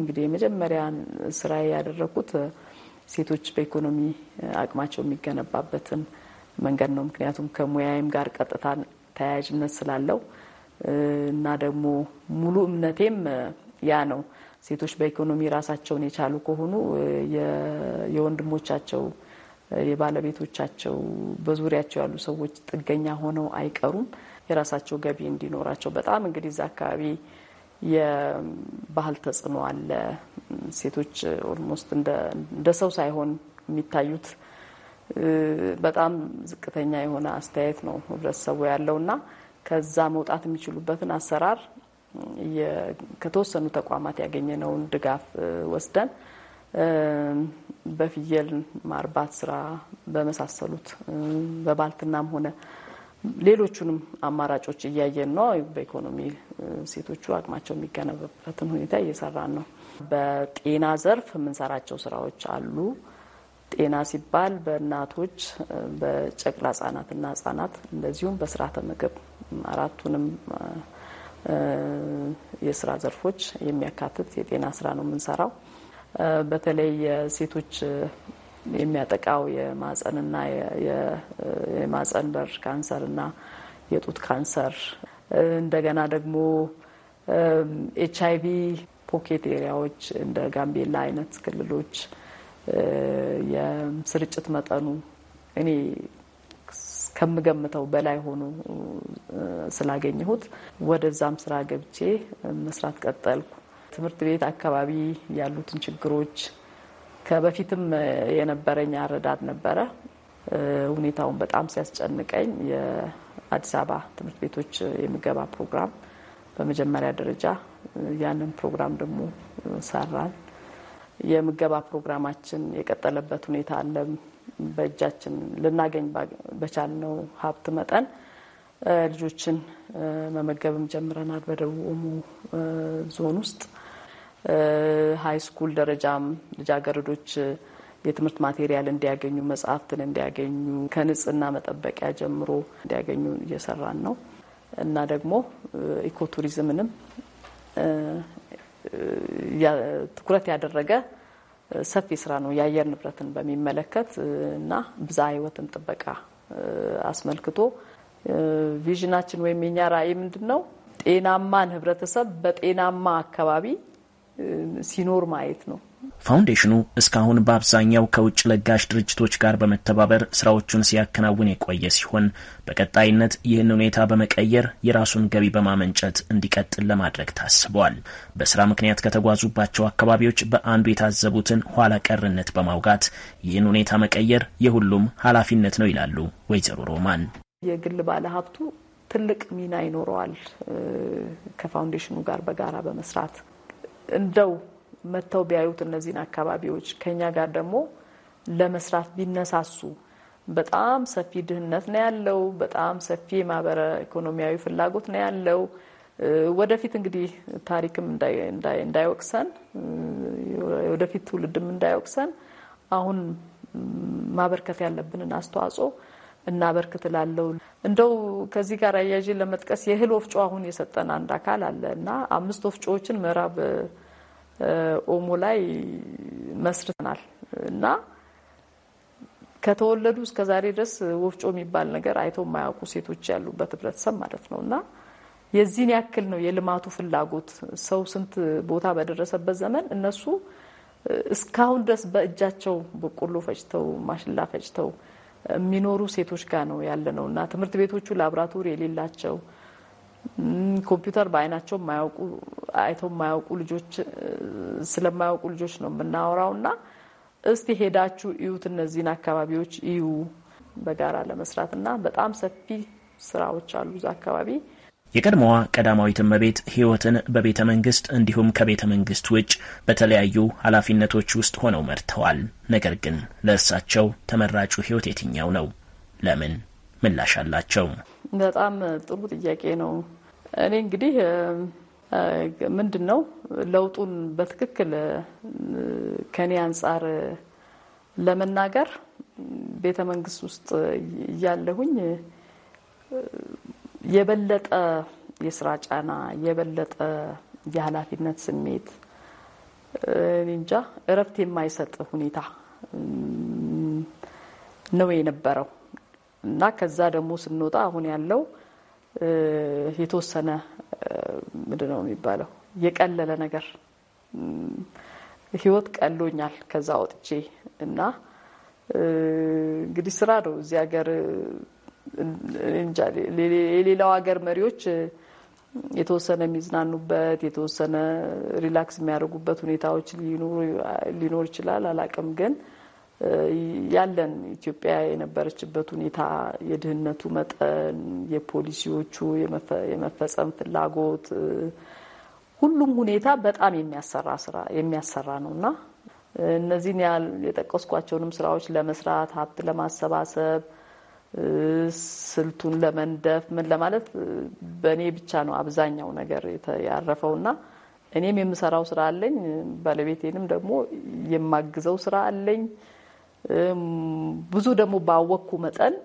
Speaker 8: እንግዲህ የመጀመሪያን ስራ ያደረኩት ሴቶች በኢኮኖሚ አቅማቸው የሚገነባበትን መንገድ ነው። ምክንያቱም ከሙያዬም ጋር ቀጥታ ተያያዥነት ስላለው እና ደግሞ ሙሉ እምነቴም ያ ነው። ሴቶች በኢኮኖሚ ራሳቸውን የቻሉ ከሆኑ የወንድሞቻቸው የባለቤቶቻቸው በዙሪያቸው ያሉ ሰዎች ጥገኛ ሆነው አይቀሩም። የራሳቸው ገቢ እንዲኖራቸው በጣም እንግዲህ እዛ አካባቢ የባህል ተጽዕኖ አለ። ሴቶች ኦልሞስት እንደ ሰው ሳይሆን የሚታዩት በጣም ዝቅተኛ የሆነ አስተያየት ነው ህብረተሰቡ ያለው እና ከዛ መውጣት የሚችሉበትን አሰራር ከተወሰኑ ተቋማት ያገኘነውን ድጋፍ ወስደን በፍየል ማርባት ስራ በመሳሰሉት በባልትናም ሆነ ሌሎቹንም አማራጮች እያየን ነው። በኢኮኖሚ ሴቶቹ አቅማቸው የሚገነበበትን ሁኔታ እየሰራን ነው። በጤና ዘርፍ የምንሰራቸው ስራዎች አሉ። ጤና ሲባል በእናቶች በጨቅላ ህጻናትና ህጻናት እንደዚሁም በስርዓተ ምግብ አራቱንም የስራ ዘርፎች የሚያካትት የጤና ስራ ነው የምንሰራው። በተለይ የሴቶች የሚያጠቃው የማጸንና የማጸን በር ካንሰርና የጡት ካንሰር እንደገና ደግሞ ኤች አይ ቪ ፖኬት ኤሪያዎች እንደ ጋምቤላ አይነት ክልሎች የስርጭት መጠኑ እኔ ከምገምተው በላይ ሆኖ ስላገኘሁት ወደዛም ስራ ገብቼ መስራት ቀጠልኩ። ትምህርት ቤት አካባቢ ያሉትን ችግሮች ከበፊትም የነበረኝ አረዳድ ነበረ። ሁኔታውን በጣም ሲያስጨንቀኝ የአዲስ አበባ ትምህርት ቤቶች የምገባ ፕሮግራም በመጀመሪያ ደረጃ ያንን ፕሮግራም ደግሞ ሰራን። የምገባ ፕሮግራማችን የቀጠለበት ሁኔታ አለም በእጃችን ልናገኝ በቻልነው ሀብት መጠን ልጆችን መመገብም ጀምረናል። በደቡብ ኦሞ ዞን ውስጥ ሀይ ስኩል ደረጃም ልጃገረዶች የትምህርት ማቴሪያል እንዲያገኙ፣ መጽሐፍትን እንዲያገኙ፣ ከንጽህና መጠበቂያ ጀምሮ እንዲያገኙ እየሰራን ነው እና ደግሞ ኢኮቱሪዝምንም ትኩረት ያደረገ ሰፊ ስራ ነው የአየር ንብረትን በሚመለከት እና ብዝሃ ህይወትን ጥበቃ አስመልክቶ ቪዥናችን ወይም የኛ ራዕይ ምንድን ነው? ጤናማን ህብረተሰብ በጤናማ አካባቢ ሲኖር ማየት ነው።
Speaker 16: ፋውንዴሽኑ እስካሁን በአብዛኛው ከውጭ ለጋሽ ድርጅቶች ጋር በመተባበር ስራዎቹን ሲያከናውን የቆየ ሲሆን በቀጣይነት ይህን ሁኔታ በመቀየር የራሱን ገቢ በማመንጨት እንዲቀጥል ለማድረግ ታስቧል። በስራ ምክንያት ከተጓዙባቸው አካባቢዎች በአንዱ የታዘቡትን ኋላ ቀርነት በማውጋት ይህን ሁኔታ መቀየር የሁሉም ኃላፊነት ነው ይላሉ ወይዘሮ ሮማን።
Speaker 8: የግል ባለሀብቱ ትልቅ ሚና ይኖረዋል ከፋውንዴሽኑ ጋር በጋራ በመስራት እንደው መጥተው ቢያዩት እነዚህን አካባቢዎች ከኛ ጋር ደግሞ ለመስራት ቢነሳሱ በጣም ሰፊ ድህነት ነው ያለው። በጣም ሰፊ የማህበረ ኢኮኖሚያዊ ፍላጎት ነው ያለው። ወደፊት እንግዲህ ታሪክም እንዳይወቅሰን ወደፊት ትውልድም እንዳይወቅሰን አሁን ማበርከት ያለብንን አስተዋጽኦ እናበርክት ላለው እንደው ከዚህ ጋር አያዥን ለመጥቀስ የእህል ወፍጮ አሁን የሰጠን አንድ አካል አለ እና አምስት ወፍጮዎችን ምዕራብ ኦሞ ላይ መስርተናል እና ከተወለዱ እስከ ዛሬ ድረስ ወፍጮ የሚባል ነገር አይተው የማያውቁ ሴቶች ያሉበት ህብረተሰብ ማለት ነው እና የዚህን ያክል ነው የልማቱ ፍላጎት። ሰው ስንት ቦታ በደረሰበት ዘመን እነሱ እስካሁን ድረስ በእጃቸው በቆሎ ፈጭተው ማሽላ ፈጭተው የሚኖሩ ሴቶች ጋር ነው ያለ ነው እና ትምህርት ቤቶቹ ላብራቶሪ የሌላቸው ኮምፒውተር በአይናቸው የማያውቁ አይተው የማያውቁ ልጆች ስለማያውቁ ልጆች ነው የምናወራው እና እስቲ ሄዳችሁ እዩት፣ እነዚህን አካባቢዎች እዩ በጋራ ለመስራት እና በጣም ሰፊ ስራዎች አሉ እዛ አካባቢ።
Speaker 16: የቀድሞዋ ቀዳማዊት እመቤት ህይወትን በቤተ መንግስት እንዲሁም ከቤተ መንግስት ውጭ በተለያዩ ኃላፊነቶች ውስጥ ሆነው መርተዋል። ነገር ግን ለእርሳቸው ተመራጩ ህይወት የትኛው ነው? ለምን? ምላሽ አላቸው።
Speaker 8: በጣም ጥሩ ጥያቄ ነው። እኔ እንግዲህ ምንድን ነው ለውጡን በትክክል ከኔ አንጻር ለመናገር ቤተ መንግስት ውስጥ እያለሁኝ የበለጠ የስራ ጫና፣ የበለጠ የኃላፊነት ስሜት እንጃ እረፍት የማይሰጥ ሁኔታ ነው የነበረው። እና ከዛ ደግሞ ስንወጣ አሁን ያለው የተወሰነ ምንድን ነው የሚባለው የቀለለ ነገር ህይወት ቀሎኛል። ከዛ ወጥቼ እና እንግዲህ ስራ ነው እዚህ ሀገር የሌላው ሀገር መሪዎች የተወሰነ የሚዝናኑበት የተወሰነ ሪላክስ የሚያደርጉበት ሁኔታዎች ሊኖር ይችላል። አላቅም ግን ያለን ኢትዮጵያ የነበረችበት ሁኔታ የድህነቱ መጠን፣ የፖሊሲዎቹ የመፈጸም ፍላጎት፣ ሁሉም ሁኔታ በጣም የሚያሰራ ስራ የሚያሰራ ነው እና እነዚህን ያህል የጠቀስኳቸውንም ስራዎች ለመስራት ሀብት ለማሰባሰብ ስልቱን ለመንደፍ ምን ለማለት በእኔ ብቻ ነው አብዛኛው ነገር ያረፈው እና እኔም የምሰራው ስራ አለኝ። ባለቤቴንም ደግሞ የማግዘው ስራ አለኝ። ብዙ ደግሞ ባወቅኩ መጠን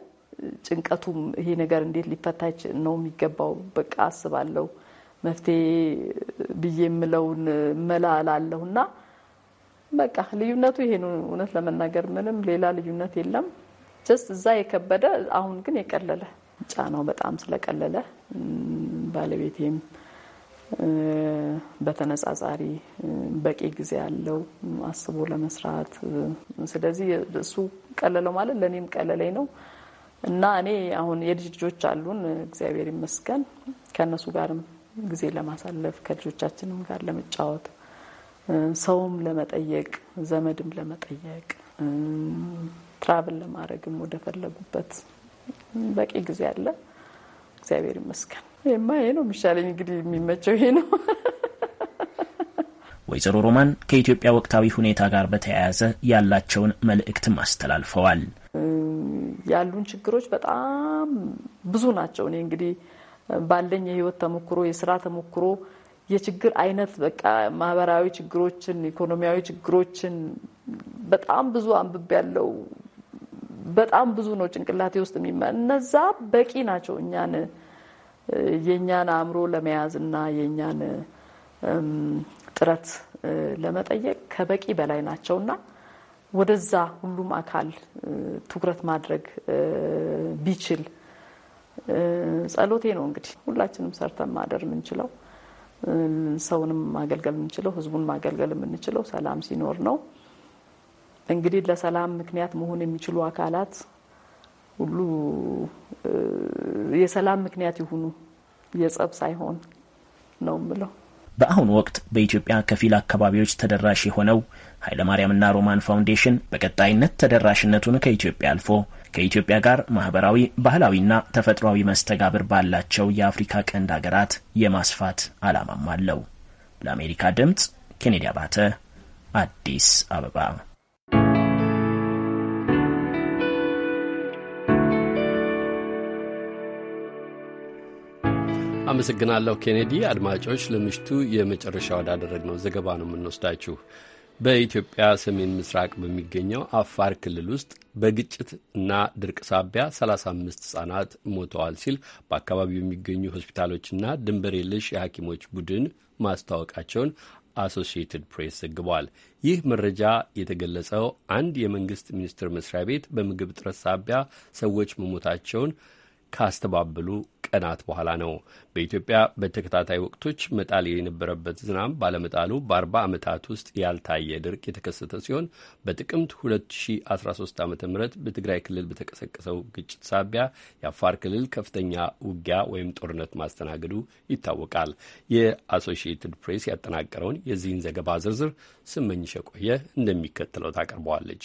Speaker 8: ጭንቀቱም ይሄ ነገር እንዴት ሊፈታ ነው የሚገባው፣ በቃ አስባለሁ መፍትሄ ብዬ የምለውን መላል እላለሁ እና በቃ ልዩነቱ ይሄ ነው። እውነት ለመናገር ምንም ሌላ ልዩነት የለም። ጀስት እዛ የከበደ አሁን ግን የቀለለ ጫናው በጣም ስለቀለለ ባለቤቴም በተነጻጻሪ በቂ ጊዜ ያለው አስቦ ለመስራት። ስለዚህ እሱ ቀለለው ማለት ለእኔም ቀለለኝ ነው እና እኔ አሁን የልጅ ልጆች አሉን፣ እግዚአብሔር ይመስገን። ከእነሱ ጋርም ጊዜ ለማሳለፍ ከልጆቻችንም ጋር ለመጫወት ሰውም ለመጠየቅ ዘመድም ለመጠየቅ ትራቭል ለማድረግም ወደፈለጉበት በቂ ጊዜ አለ። እግዚአብሔር ይመስገን። ይማ ይሄ ነው የሚሻለኝ እንግዲህ የሚመቸው ይሄ ነው። *laughs*
Speaker 16: ወይዘሮ ሮማን ከኢትዮጵያ ወቅታዊ ሁኔታ ጋር በተያያዘ ያላቸውን መልእክትም አስተላልፈዋል።
Speaker 8: ያሉን ችግሮች በጣም ብዙ ናቸው። እኔ እንግዲህ ባለኝ የህይወት ተሞክሮ፣ የስራ ተሞክሮ የችግር አይነት በቃ ማህበራዊ ችግሮችን፣ ኢኮኖሚያዊ ችግሮችን በጣም ብዙ አንብብ ያለው በጣም ብዙ ነው ጭንቅላቴ ውስጥ የሚመ እነዛ በቂ ናቸው እኛን የእኛን አእምሮ ለመያዝ እና የእኛን ጥረት ለመጠየቅ ከበቂ በላይ ናቸውና ወደዛ ሁሉም አካል ትኩረት ማድረግ ቢችል ጸሎቴ ነው። እንግዲህ ሁላችንም ሰርተን ማደር የምንችለው ሰውንም ማገልገል የምንችለው ህዝቡን ማገልገል የምንችለው ሰላም ሲኖር ነው። እንግዲህ ለሰላም ምክንያት መሆን የሚችሉ አካላት ሁሉ የሰላም ምክንያት ይሁኑ የጸብ ሳይሆን ነው ምለው።
Speaker 16: በአሁኑ ወቅት በኢትዮጵያ ከፊል አካባቢዎች ተደራሽ የሆነው ኃይለማርያምና ሮማን ፋውንዴሽን በቀጣይነት ተደራሽነቱን ከኢትዮጵያ አልፎ ከኢትዮጵያ ጋር ማህበራዊ፣ ባህላዊና ተፈጥሯዊ መስተጋብር ባላቸው የአፍሪካ ቀንድ ሀገራት የማስፋት ዓላማም አለው። ለአሜሪካ ድምፅ ኬኔዲ አባተ አዲስ አበባ
Speaker 4: አመሰግናለሁ ኬኔዲ። አድማጮች ለምሽቱ የመጨረሻ ወዳደረግነው ዘገባ ነው የምንወስዳችሁ። በኢትዮጵያ ሰሜን ምስራቅ በሚገኘው አፋር ክልል ውስጥ በግጭት እና ድርቅ ሳቢያ 35 ህጻናት ሞተዋል ሲል በአካባቢው የሚገኙ ሆስፒታሎችና ድንበር የለሽ የሐኪሞች ቡድን ማስታወቃቸውን አሶሺየትድ ፕሬስ ዘግቧል። ይህ መረጃ የተገለጸው አንድ የመንግስት ሚኒስቴር መስሪያ ቤት በምግብ እጥረት ሳቢያ ሰዎች መሞታቸውን ካስተባበሉ ቀናት በኋላ ነው። በኢትዮጵያ በተከታታይ ወቅቶች መጣል የነበረበት ዝናብ ባለመጣሉ በአርባ ዓመታት ውስጥ ያልታየ ድርቅ የተከሰተ ሲሆን በጥቅምት 2013 ዓ ም በትግራይ ክልል በተቀሰቀሰው ግጭት ሳቢያ የአፋር ክልል ከፍተኛ ውጊያ ወይም ጦርነት ማስተናገዱ ይታወቃል። የአሶሺየትድ ፕሬስ ያጠናቀረውን የዚህን ዘገባ ዝርዝር ስመኝሽ ቆየ እንደሚከተለው ታቀርበዋለች።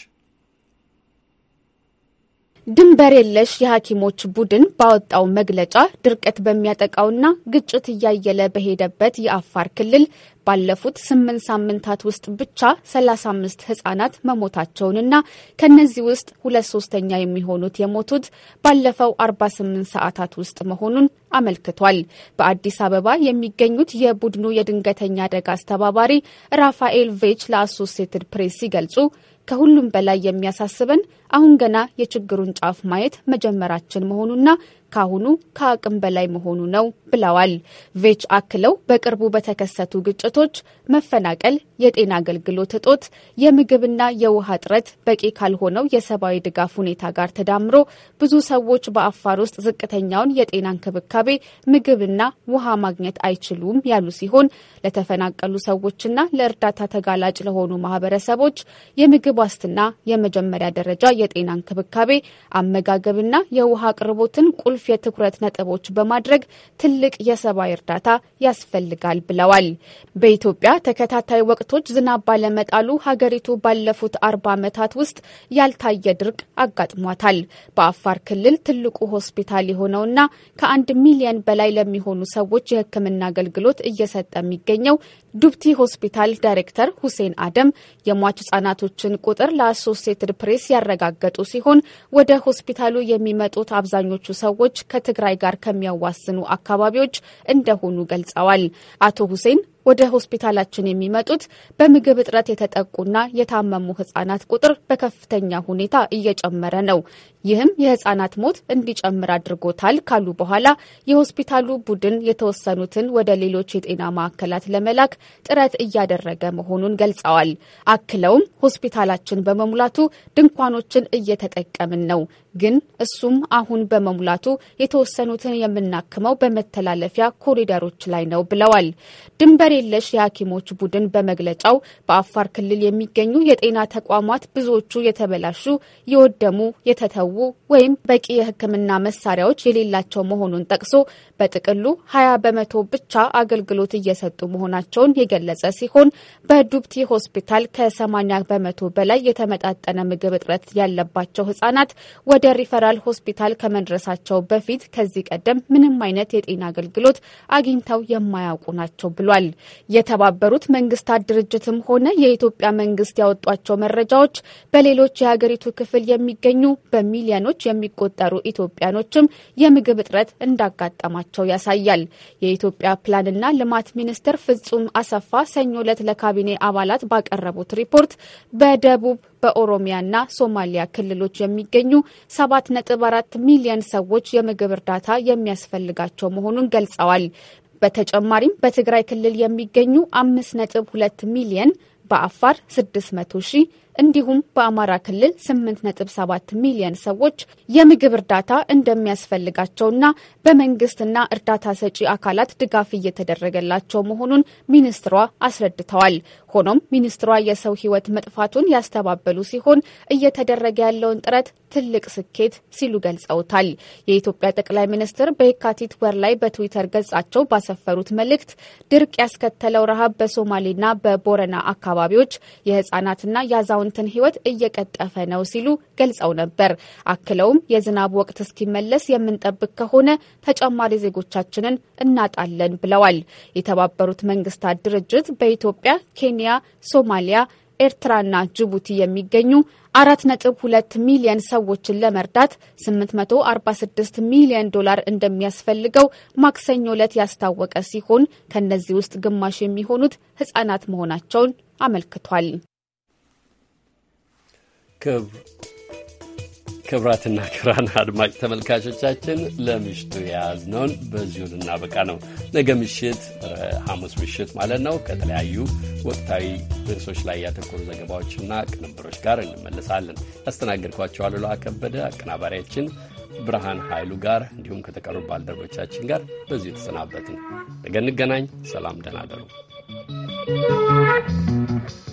Speaker 14: ድንበር የለሽ የሐኪሞች ቡድን ባወጣው መግለጫ ድርቀት በሚያጠቃውና ግጭት እያየለ በሄደበት የአፋር ክልል ባለፉት ስምንት ሳምንታት ውስጥ ብቻ 35 ህጻናት መሞታቸውንና ከነዚህ ውስጥ ሁለት ሶስተኛ የሚሆኑት የሞቱት ባለፈው 48 ሰዓታት ውስጥ መሆኑን አመልክቷል። በአዲስ አበባ የሚገኙት የቡድኑ የድንገተኛ አደጋ አስተባባሪ ራፋኤል ቬች ለአሶሴትድ ፕሬስ ሲገልጹ ከሁሉም በላይ የሚያሳስበን አሁን ገና የችግሩን ጫፍ ማየት መጀመራችን መሆኑና ካሁኑ ከአቅም በላይ መሆኑ ነው ብለዋል። ቬች አክለው በቅርቡ በተከሰቱ ግጭቶች፣ መፈናቀል፣ የጤና አገልግሎት እጦት፣ የምግብና የውሃ እጥረት በቂ ካልሆነው የሰብአዊ ድጋፍ ሁኔታ ጋር ተዳምሮ ብዙ ሰዎች በአፋር ውስጥ ዝቅተኛውን የጤና እንክብካቤ፣ ምግብና ውሃ ማግኘት አይችሉም ያሉ ሲሆን ለተፈናቀሉ ሰዎችና ለእርዳታ ተጋላጭ ለሆኑ ማህበረሰቦች የምግብ ዋስትና፣ የመጀመሪያ ደረጃ የጤና እንክብካቤ፣ አመጋገብና የውሃ አቅርቦትን ቁልፍ ቁልፍ የትኩረት ነጥቦች በማድረግ ትልቅ የሰብአዊ እርዳታ ያስፈልጋል ብለዋል። በኢትዮጵያ ተከታታይ ወቅቶች ዝናብ ባለመጣሉ ሀገሪቱ ባለፉት አርባ ዓመታት ውስጥ ያልታየ ድርቅ አጋጥሟታል። በአፋር ክልል ትልቁ ሆስፒታል የሆነውና ከአንድ ሚሊየን በላይ ለሚሆኑ ሰዎች የሕክምና አገልግሎት እየሰጠ የሚገኘው ዱብቲ ሆስፒታል ዳይሬክተር ሁሴን አደም የሟች ህጻናቶችን ቁጥር ለአሶሴትድ ፕሬስ ያረጋገጡ ሲሆን ወደ ሆስፒታሉ የሚመጡት አብዛኞቹ ሰዎች ከትግራይ ጋር ከሚያዋስኑ አካባቢዎች እንደሆኑ ገልጸዋል። አቶ ሁሴን ወደ ሆስፒታላችን የሚመጡት በምግብ እጥረት የተጠቁና የታመሙ ህጻናት ቁጥር በከፍተኛ ሁኔታ እየጨመረ ነው። ይህም የህጻናት ሞት እንዲጨምር አድርጎታል ካሉ በኋላ የሆስፒታሉ ቡድን የተወሰኑትን ወደ ሌሎች የጤና ማዕከላት ለመላክ ጥረት እያደረገ መሆኑን ገልጸዋል። አክለውም ሆስፒታላችን በመሙላቱ ድንኳኖችን እየተጠቀምን ነው፣ ግን እሱም አሁን በመሙላቱ የተወሰኑትን የምናክመው በመተላለፊያ ኮሪደሮች ላይ ነው ብለዋል። ድንበር የለሽ የሐኪሞች ቡድን በመግለጫው በአፋር ክልል የሚገኙ የጤና ተቋማት ብዙዎቹ የተበላሹ፣ የወደሙ፣ የተተዉ ወይም በቂ የሕክምና መሳሪያዎች የሌላቸው መሆኑን ጠቅሶ በጥቅሉ ሀያ በመቶ ብቻ አገልግሎት እየሰጡ መሆናቸውን የገለጸ ሲሆን በዱብቲ ሆስፒታል ከሰማኒያ በመቶ በላይ የተመጣጠነ ምግብ እጥረት ያለባቸው ህጻናት ወደ ሪፈራል ሆስፒታል ከመድረሳቸው በፊት ከዚህ ቀደም ምንም አይነት የጤና አገልግሎት አግኝተው የማያውቁ ናቸው ብሏል። የተባበሩት መንግስታት ድርጅትም ሆነ የኢትዮጵያ መንግስት ያወጧቸው መረጃዎች በሌሎች የሀገሪቱ ክፍል የሚገኙ በሚሊዮኖች የሚቆጠሩ ኢትዮጵያኖችም የምግብ እጥረት እንዳጋጠማቸው ያሳያል። የኢትዮጵያ ፕላንና ልማት ሚኒስትር ፍጹም አሰፋ ሰኞ ዕለት ለካቢኔ አባላት ባቀረቡት ሪፖርት በደቡብ በኦሮሚያና ሶማሊያ ክልሎች የሚገኙ 7.4 ሚሊዮን ሰዎች የምግብ እርዳታ የሚያስፈልጋቸው መሆኑን ገልጸዋል። በተጨማሪም በትግራይ ክልል የሚገኙ አምስት ነጥብ ሁለት ሚሊየን በአፋር 600 ሺህ እንዲሁም በአማራ ክልል 8.7 ሚሊዮን ሰዎች የምግብ እርዳታ እንደሚያስፈልጋቸውና በመንግስትና እርዳታ ሰጪ አካላት ድጋፍ እየተደረገላቸው መሆኑን ሚኒስትሯ አስረድተዋል። ሆኖም ሚኒስትሯ የሰው ሕይወት መጥፋቱን ያስተባበሉ ሲሆን እየተደረገ ያለውን ጥረት ትልቅ ስኬት ሲሉ ገልጸውታል። የኢትዮጵያ ጠቅላይ ሚኒስትር በየካቲት ወር ላይ በትዊተር ገጻቸው ባሰፈሩት መልእክት ድርቅ ያስከተለው ረሃብ በሶማሌና በቦረና አካባቢዎች የህጻናትና የአዛው የአዛውንትን ሕይወት እየቀጠፈ ነው ሲሉ ገልጸው ነበር። አክለውም የዝናብ ወቅት እስኪመለስ የምንጠብቅ ከሆነ ተጨማሪ ዜጎቻችንን እናጣለን ብለዋል። የተባበሩት መንግስታት ድርጅት በኢትዮጵያ፣ ኬንያ፣ ሶማሊያ ኤርትራና ጅቡቲ የሚገኙ አራት ነጥብ ሁለት ሚሊየን ሰዎችን ለመርዳት 846 ሚሊየን ዶላር እንደሚያስፈልገው ማክሰኞ ዕለት ያስታወቀ ሲሆን ከእነዚህ ውስጥ ግማሽ የሚሆኑት ህጻናት መሆናቸውን አመልክቷል።
Speaker 4: ክብራትና ክብራን አድማጭ ተመልካቾቻችን ለምሽቱ የያዝነውን በዚሁ ልናበቃ ነው። ነገ ምሽት ሐሙስ ምሽት ማለት ነው ከተለያዩ ወቅታዊ ርዕሶች ላይ ያተኮሩ ዘገባዎችና ቅንብሮች ጋር እንመለሳለን። ያስተናገድኳቸው አሉላ ከበደ አቀናባሪያችን ብርሃን ኃይሉ ጋር እንዲሁም ከተቀሩ ባልደረቦቻችን ጋር በዚሁ የተሰናበትን። ነገ እንገናኝ። ሰላም፣ ደህና
Speaker 16: you.